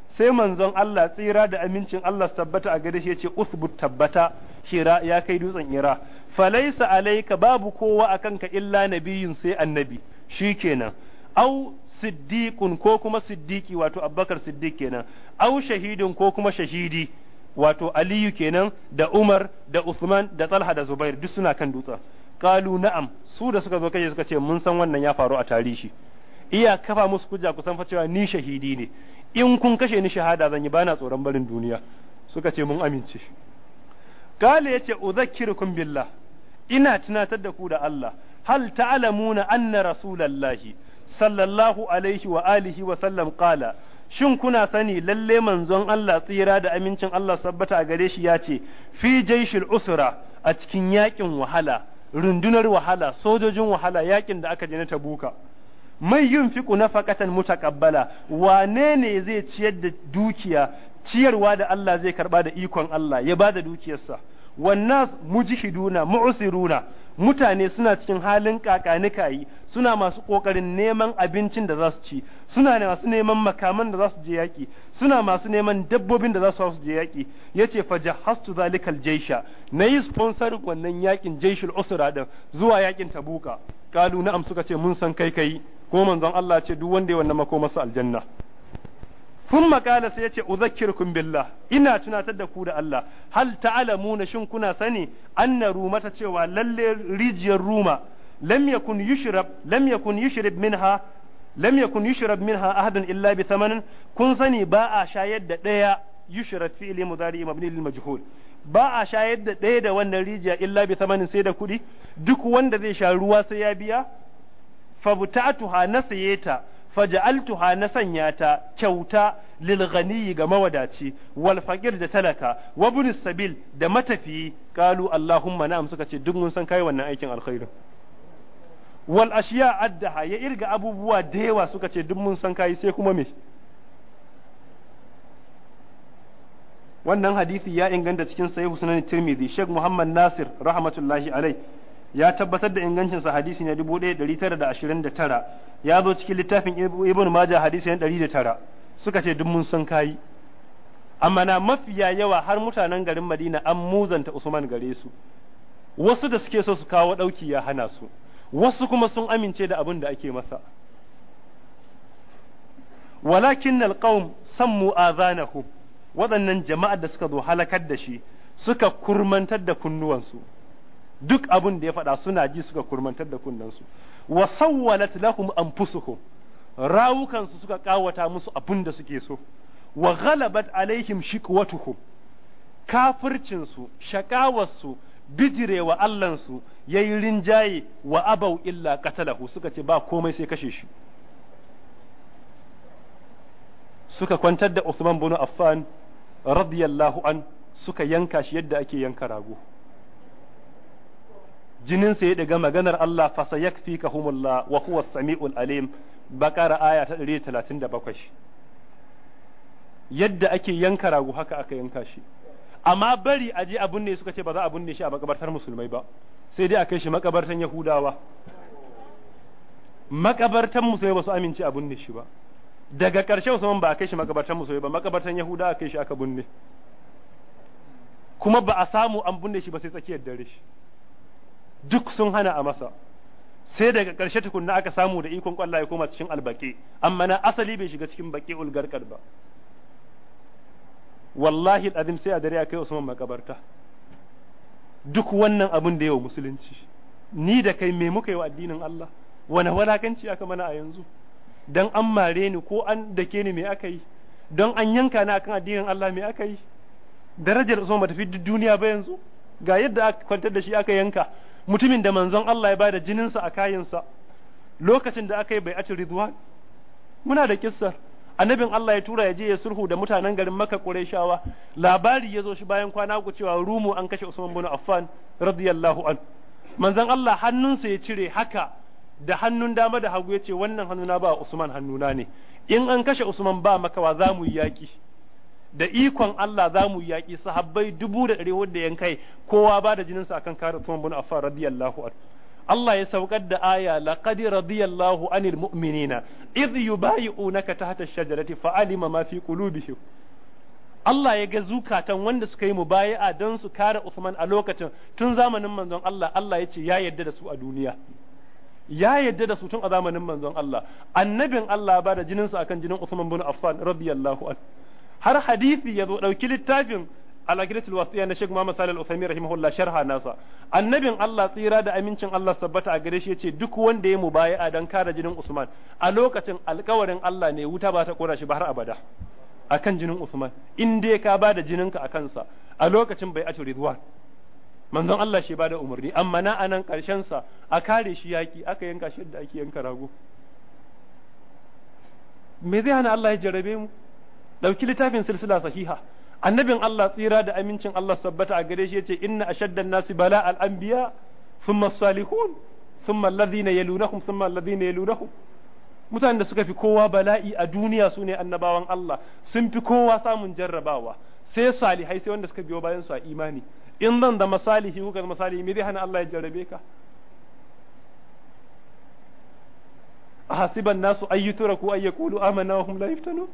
sai manzon Allah tsira da amincin Allah tabbata a gare shi yace usbut tabbata shira ya kai dutsen ira falaisa alaika babu kowa akanka kanka illa biyun sai annabi Shi kenan au Siddiƙun ko kuma siddiqi wato abbakar siddiq kenan au shahidun ko kuma shahidi wato aliyu kenan da umar da usman da talha da zubair duk suna kan dutsen kalu na'am su da suka zo kai suka ce mun san wannan ya faru a tarihi iya kafa musu hujja kusan fa cewa ni shahidi ne in kun kashe ni shahada zan yi bana tsoron barin duniya suka ce mun amince kale yace udhakkirukum billah ina tunatar da ku da Allah hal ta'lamuna anna rasulallahi sallallahu alaihi wa alihi wa sallam qala shin kuna sani lalle manzon Allah tsira da amincin Allah sabbata a gare shi ya ce fi jaishil usra a cikin yakin wahala rundunar wahala sojojin wahala yakin da aka je na tabuka mai yin na yunfiqu nafaqatan mutaqabbala wane ne zai ciyar da dukiya ciyarwa da Allah zai karba da ikon Allah ya bada dukiyarsa hiduna, mujhiduna mu'siruna mutane suna cikin halin kakanikayi suna masu kokarin neman abincin da za su ci suna masu neman makaman da za su je yaki suna masu neman dabbobin da za su je yaki yace fa jahastu zalikal na yi sponsorin wannan yakin jaishul usra din zuwa yakin tabuka kalu na'am suka ce mun san kai kai kuma manzon Allah ce duk wanda ya wannan makomarsa aljanna sun makala sai ya ce uzakkirkum billah ina tunatar da ku da Allah hal na shin kuna sani anna ta cewa lalle rijiyar ruma lam yakun yushrab lam yakun yushrib minha lam yakun yushrab minha ahadun illa bi thamanin kun sani ba a shayar da daya yushrab fi'li mudari mabni lil majhul ba a shayar da daya da wannan rijiya illa bi thamanin sai da kudi duk wanda zai sha ruwa sai ya biya fabta'tuha na saye ta ha na sanya ta kyauta lil ga mawadaci wal faqir da talaka wa bin sabil da matafiyi qalu allahumma na'am suka ce duk mun san kai wannan aikin alkhairin wal ashiya addaha ya irga abubuwa da yawa suka ce duk mun san kai sai kuma me wannan hadisi ya inganta cikin sahih sunan tirmidhi sheikh muhammad nasir rahmatullahi alai ya tabbatar da ingancin sa hadisi ne 1929 ya zo cikin littafin ibn majah hadisi ne 109 suka ce duk mun san kai amma na mafiya yawa har mutanen garin Madina an muzanta Usman gare su wasu da suke so su kawo dauki ya hana su wasu kuma sun amince da abin da ake masa walakin alqaum sammu azanahum waɗannan jama'ar da suka zo halakar da shi suka kurmantar da kunnuwansu duk abin da ya faɗa suna ji suka kurmantar da kunnensu wa sawwalat lahum anfusuhum rawukansu suka kawata musu abin da suke so wa ghalabat alaihim shiqwatuhum kafircinsu shakawarsu bijirewa allansu yayi rinjaye wa abau illa qatalahu suka ce ba komai sai kashe shi suka kwantar da Usman bin Affan radiyallahu an suka yanka shi yadda ake yanka rago jinin sa ya daga maganar Allah fa sayakfikahumullah wa huwa samiul alim bakara aya ta 137 yadda ake yanka ragu haka aka yanka shi amma bari a je a binne suka ce ba za a binne shi a makabartar musulmai ba sai dai a kai shi makabartan yahudawa makabartan musulmai ba su amince a binne shi ba daga ƙarshe musamman ba a kai shi makabartan musulmai ba makabartan yahudawa a kai shi aka binne kuma ba a samu an binne shi ba sai tsakiyar dare shi duk sun hana a masa sai daga ƙarshe tukunna aka samu da ikon ƙwallaye ya koma cikin albaƙi amma na asali bai shiga cikin baƙi ulgarkar ba wallahi al'adim sai a dare kai Usman makabarta duk wannan abin da yau musulunci ni da kai me muka yi wa addinin Allah wani walakanci aka mana a yanzu don an mare ni ko an dake ni me aka yi don an yanka ni akan addinin Allah me aka yi darajar Usman ba ta tafi duniya ba yanzu ga yadda aka kwantar da shi aka yanka mutumin da manzon Allah ya bada jininsa a kayansa lokacin da aka yi bai aci ridwan muna da kissar annabin Allah ya tura ya je ya sulhu da mutanen garin Makka Qurayshawa labari ya zo shi bayan kwana ku cewa Rumu an kashe Usman bin Affan radiyallahu an manzon Allah hannunsa ya cire haka da hannun dama da hagu ya ce wannan hannuna ba Usman hannuna ne in an kashe Usman ba makawa za mu yi yaki da ikon Allah za mu yaƙi sahabbai dubu da ɗari wanda kai kowa ba da jininsa akan kare Usman bin Affan radiyallahu anhu Allah ya saukar da aya laqad radiyallahu anil mu'minina idh yubayi'unaka tahta ash-shajarati fa'alima ma fi qulubihim Allah ya ga zukatan wanda suka yi mu mubayi'a don su kare Usman a lokacin tun zamanin manzon Allah Allah ya ce ya yarda da su a duniya ya yarda da su tun a zamanin manzon Allah annabin Allah ba da jininsa akan jinin Usman bin Affan radiyallahu anhu har hadisi ya zo ɗauki littafin al-aqidatul wasiya na Sheikh Muhammad Salih al uthaymi rahimahullah sharha nasa annabin Allah tsira da amincin Allah sabbata a gare shi yace duk wanda ya a dan kare jinin Usman a lokacin alƙawarin Allah ne wuta ba ta kora shi ba har abada akan jinin Usman in dai ka bada jininka a kansa a lokacin bai atu ridwan manzon Allah shi bada umarni amma na anan karshen sa a kare shi yaki aka yanka shi da ake yanka rago me zai hana Allah ya jarabe mu ɗauki littafin silsila sahiha annabin Allah tsira da amincin Allah sabbata a gare shi yace inna ashaddan nasi bala al anbiya thumma salihun thumma alladhina yalunahum thumma alladhina yalunahum mutanen da suka fi kowa bala'i a duniya su ne annabawan Allah sun fi kowa samun jarrabawa sai salihai sai wanda suka biyo bayan su a imani in zan da masalihi kuka da masalihi me zai hana Allah ya jarrabe ka ahasiban nasu ayyutura ku ayyakulu amanna wa hum la yuftanun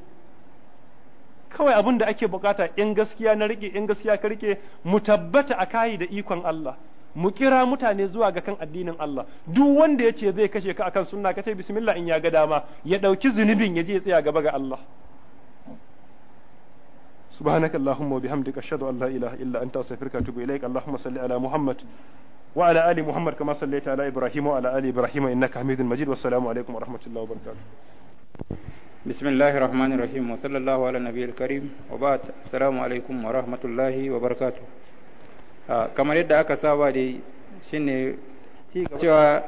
kawai abin da ake bukata in gaskiya na rike in gaskiya ka rike mu tabbata a kayi da ikon Allah mu kira mutane zuwa ga kan addinin Allah duk wanda ya ce zai kashe ka akan sunna ka ce bismillah in ya ga dama ya dauki zunubin ya je ya tsaya gaba ga Allah سبحانك اللهم وبحمدك أشهد أن لا إله إلا أنت أستغفرك وأتوب إليك اللهم صل على محمد وعلى آل محمد كما صليت على إبراهيم وعلى آل إبراهيم إنك حميد مجيد والسلام عليكم ورحمة الله وبركاته بسم الله الرحمن الرحيم وصلى الله على النبي الكريم وبعد السلام عليكم ورحمة الله وبركاته kamar yadda aka saba شيني shine cewa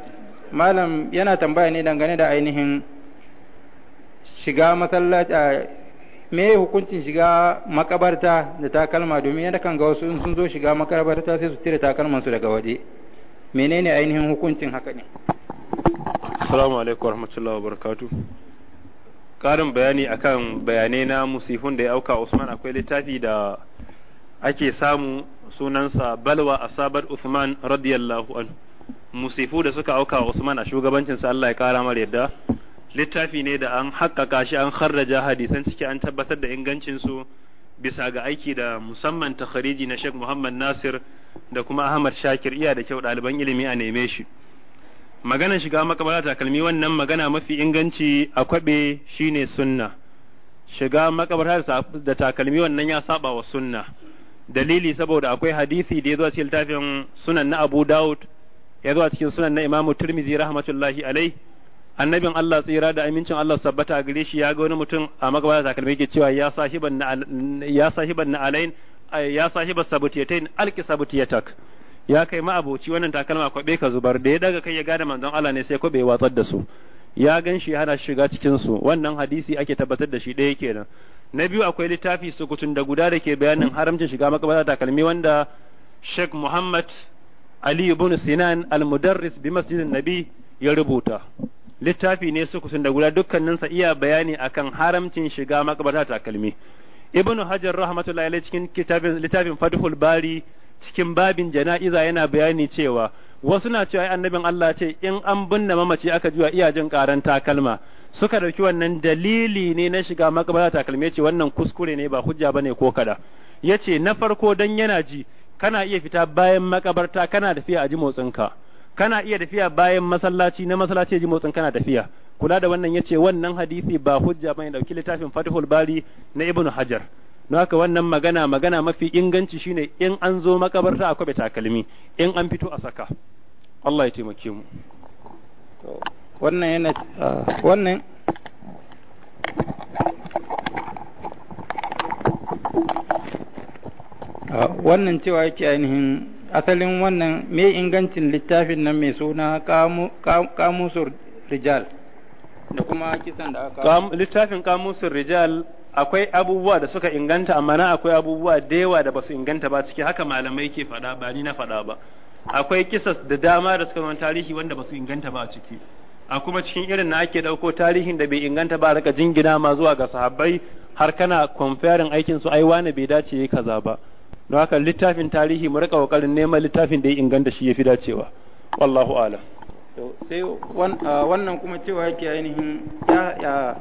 malam yana tambaya ne dangane da ainihin shiga masallaci ah, me hukuncin shiga makabarta da takalma domin yadda kan ga wasu sun zo shiga makabarta sai su cire takalmansu daga waje menene ainihin hukuncin haka ne assalamu alaikum warahmatullahi wabarakatuh ƙarin bayani akan bayanai na musifun da ya auka Usman akwai littafi da ake samu sunansa balwa a Sabar Usman radiyallahu an musifu da suka auka Usman a shugabancinsa Allah ya kara mar yadda littafi ne da an haƙƙaƙa shi an kharraja hadisan ciki an tabbatar da ingancin su bisa ga aiki da musamman takhariji na Sheikh Muhammad Nasir da kuma Ahmad Shakir iya da kyau ɗaliban ilimi a neme shi maganar shiga makabara takalmi wannan magana mafi inganci a kwabe shine sunna shiga makabara da takalmi wannan ya saba wa sunna dalili saboda akwai hadisi da ya zo a cikin littafin sunan na Abu Dawud ya zo cikin sunan na Imam Turmizi rahmatullahi alai annabin Allah tsira da amincin Allah sabbata a gare shi ya ga wani mutum a makabara takalmi yake cewa ya sahiban na ya sahiban na alain ya sahiba sabutiyatain alki sabutiyatak ya kai ma'aboci wannan takalma kwabe ka zubar da ya daga kai ya gane manzon Allah ne sai kwabe watsar da su ya gan shi hana shiga cikin su wannan hadisi ake tabbatar da shi ɗaya kenan na biyu akwai littafi sukutun da guda da ke bayanin haramcin shiga makabata takalmi wanda Sheikh Muhammad Ali ibn Sinan al-Mudarris bi Masjidin Nabi ya rubuta littafi ne sukutun da guda dukkaninsa iya bayani akan haramcin shiga makabata takalmi Ibn Hajar rahmatullahi alaihi cikin littafin Fathul Bari cikin babin jana'iza yana bayani cewa wasu na cewa annabin Allah ce in an binne mamaci aka juya iya jin karan takalma suka dauki wannan dalili ne na shiga makabara takalme ce wannan kuskure ne ba hujja bane ko kada yace na farko dan yana ji kana iya fita bayan makabarta kana tafiya a ji motsinka kana iya tafiya bayan masallaci na masallaci ji motsin kana tafiya kula da wannan yace wannan hadisi ba hujja bane dauki littafin Fathul Bari na Ibn Hajar don haka wannan magana magana mafi inganci shine in an zo makabarta a takalmi in an fito a saka Allah ya taimake mu wannan yana wannan wannan cewa yake ainihin asalin wannan mai ingancin littafin nan mai suna kamusur rijal da kuma kisan da aka littafin kamusur rijal akwai abubuwa da suka inganta amma na akwai abubuwa da yawa da basu inganta ba ciki haka malamai ke faɗa ba ni na faɗa ba akwai kisas da dama da suka zama tarihi wanda basu inganta ba ciki a kuma cikin irin na ake ɗauko tarihin da bai inganta ba rika jingina ma zuwa ga sahabbai har kana comparing aikin su ai wani bai dace yi kaza ba don haka littafin tarihi mu rika kokarin neman littafin da ya inganta shi yafi dacewa wallahu alam sai wannan kuma cewa yake ainihin ya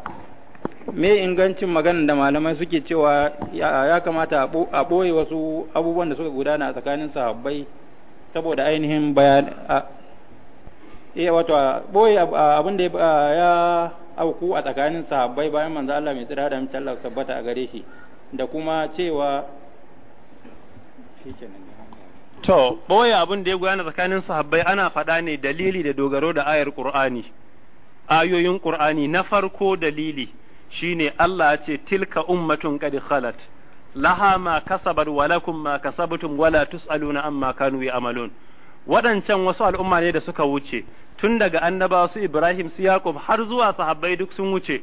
me ingancin maganar da malamai suke cewa ya kamata a ɓoye wasu abubuwan da suka gudana a tsakanin sahabbai saboda ainihin bayan iya eh, wato ɓoye abin da ya auku a tsakanin sahabbai bayan manzo Allah mai tsira da mace Allah sabbata a gare shi da kuma cewa to ɓoye abin da ya gudana tsakanin sahabbai ana faɗa ne dalili da dogaro da ayar ƙur'ani ayoyin ƙur'ani na farko dalili shine Allah ya ce tilka ummatun qad khalat laha ma kasabat wa lakum ma kasabtum wala tusaluna amma kanu ya'malun waɗancan wasu al'umma ne da suka wuce tun daga annaba su Ibrahim su Yaqub har zuwa sahabbai duk sun wuce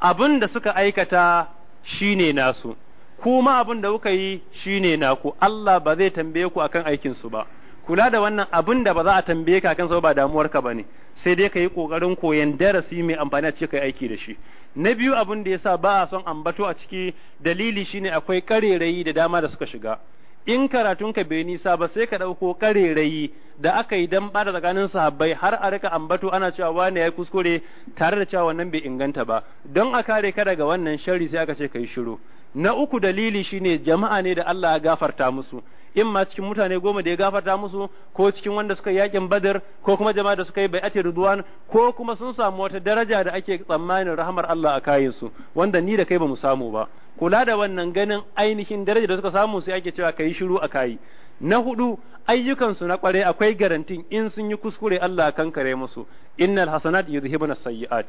abin da suka aikata shine nasu kuma abin da kuka yi shine naku Allah ba zai tambaye ku akan aikin su ba kula da wannan abin da ba za a tambaye ka kansa ba damuwarka ba ne sai dai ka yi kokarin koyan darasi mai amfani a cikin aiki da shi na biyu abin da yasa ba a son ambato a ciki dalili shine akwai karerayi da dama da suka shiga in karatun ka bai nisa ba sai ka ɗauko karerayi da aka yi dan bada tsakanin sahabbai har a rika ambato ana cewa wani ya yi kuskure tare da cewa wannan bai inganta ba don a kare ka daga wannan sharri sai aka ce ka shiru na uku dalili shine jama'a ne da Allah ya gafarta musu in ma cikin mutane goma da ya gafarta musu ko cikin wanda suka yakin badar ko kuma jama'a da suka yi bai'ati ridwan ko kuma sun samu wata daraja da ake tsammanin rahamar Allah a kayin su wanda ni da kai bamu samu ba kula da wannan ganin ainihin daraja da suka samu sai ake cewa kai shiru a kayi na hudu ayyukansu na kware akwai garantin in sun yi kuskure Allah kankare musu innal hasanat yudhibuna sayyi'at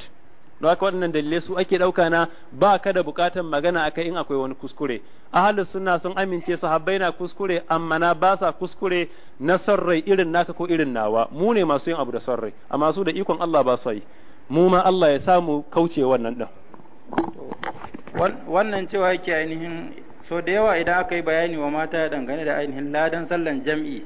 don haka waɗannan dalilai su ake ɗauka na ba ka da buƙatar magana akai in akwai wani kuskure ahlus suna sun amince su na kuskure amma na ba sa kuskure na son rai irin naka ko irin nawa mu ne masu yin abu da son rai amma su da ikon Allah ba su yi mu ma Allah ya samu kauce wannan ɗin. wannan cewa yake ainihin so da yawa idan aka yi bayani wa mata ya dangane da ainihin ladan sallan jam'i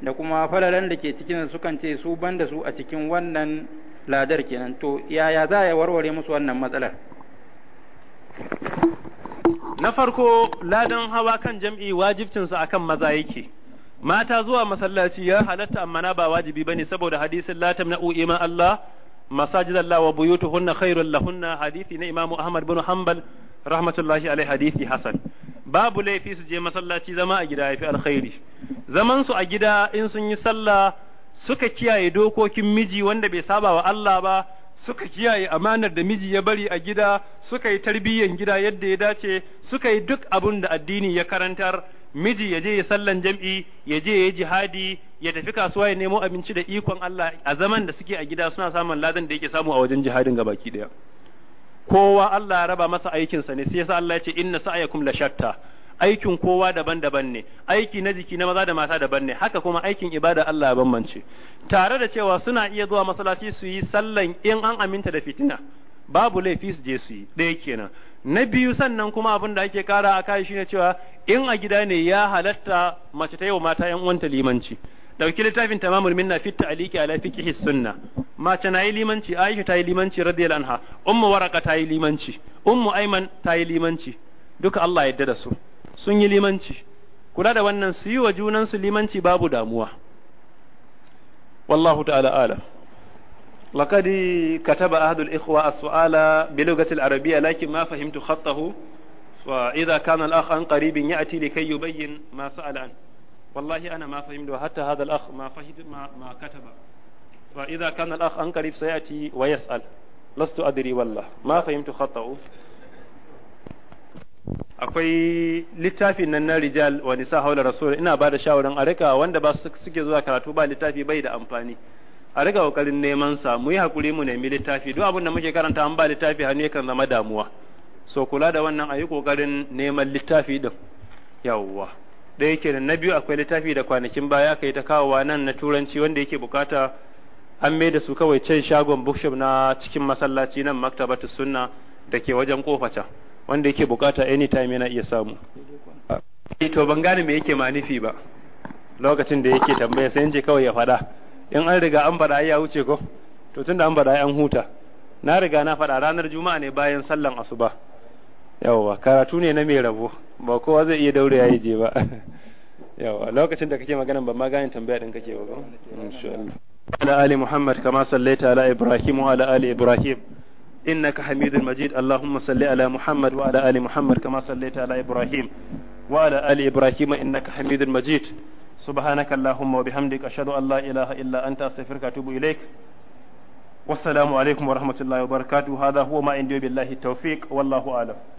da kuma falalan da ke cikin sukan ce su banda su a cikin wannan ladar kenan to yaya za ya warware musu wannan matsalar na farko ladan hawa kan jam'i wajibcinsa akan maza yake mata zuwa masallaci ya halatta amma na ba wajibi bane saboda hadisin la tamna'u iman Allah masajid Allah wa buyutuhunna khairul lahunna hadisi na Imam Ahmad bin Hanbal rahmatullahi alaihi hadisi hasan babu laifi su je masallaci zama a gida yafi alkhairi zaman su a gida in sun yi sallah suka kiyaye dokokin miji wanda bai saba wa Allah ba suka kiyaye amanar da miji ya bari a gida suka yi tarbiyyan gida yadda ya dace suka yi duk abin da addini ya karantar miji ya je ya sallan jam'i ya je ya jihadi ya tafi kasuwa ya nemo abinci da ikon Allah a zaman da suke a gida suna samun ladan da yake samu a wajen jihadin gabaki daya kowa Allah ya raba masa aikin sa ne sai yasa Allah ya ce inna sa'ayakum la shatta aikin kowa daban-daban ne aiki na jiki na maza da mata daban ne haka kuma aikin ibada Allah ya bambance tare da cewa suna iya zuwa masallaci su yi sallan in an aminta da fitina babu laifi su je su yi ɗaya kenan na biyu sannan kuma abin da ake kara a kai shine cewa in a gida ne ya halatta mace ta yi wa mata yan uwanta limanci dauki littafin tamamul minna fit ta'liqi ala fiqhi sunna mace na yi limanci Aisha ta yi limanci radiyallahu anha ummu waraka ta yi limanci ummu aiman ta yi limanci duka Allah yadda da su sun yi limanci kula da wannan su yi wa junansu limanci babu damuwa wallahu ta'ala alam لقد كتب أحد الإخوة السؤال بلغة العربية لكن ما فهمت خطه فإذا كان الأخ عن قريب يأتي لكي يبين ما سأل عنه والله أنا ما فهمت وحتى هذا الأخ ما فهم ما, ما كتب فإذا كان الأخ عن قريب سيأتي ويسأل لست أدري والله ما فهمت خطه akwai littafin nan na rijal wa nisa haula rasul ina bada shawaran a rika wanda ba suke zuwa karatu ba littafi bai da amfani a rika kokarin neman sa mu yi hakuri mu nemi littafi duk abin da muke karanta an ba littafi hannu yakan zama damuwa so kula da wannan a yi kokarin neman littafi din yawwa ɗaya kenan na biyu akwai littafi da kwanakin baya kai ta kawowa nan na turanci wanda yake bukata an mai da su kawai can shagon bookshop na cikin masallaci nan maktabatu sunna da ke wajen kofa can wanda yake bukata anytime yana iya samu eh, to ban gane me yake ma nufi ba lokacin da yake tambaya sai ce kawai ya faɗa in an riga an faɗa ya wuce ko to tunda an faɗa an huta na riga na faɗa ranar juma'a ne bayan sallan asuba yawwa karatu ne na mai rabo ba kowa zai iya daure ya yi je ba yawa lokacin da kake magana ba ma gane tambaya din kake ba insha Allah ala ali muhammad kama sallaita ala ibrahim wa ala ali ibrahim innaka hamidul majid allahumma salli ala muhammad wa ala muhammad kama sallaita ala ibrahim wa ala ali ibrahim innaka hamidul majid subhanaka allahumma wa bihamdika ashhadu an la ilaha illa anta astaghfiruka wa atubu ilaik wa rahmatullahi wa barakatuh hadha huwa ma indi billahi tawfiq wallahu a'lam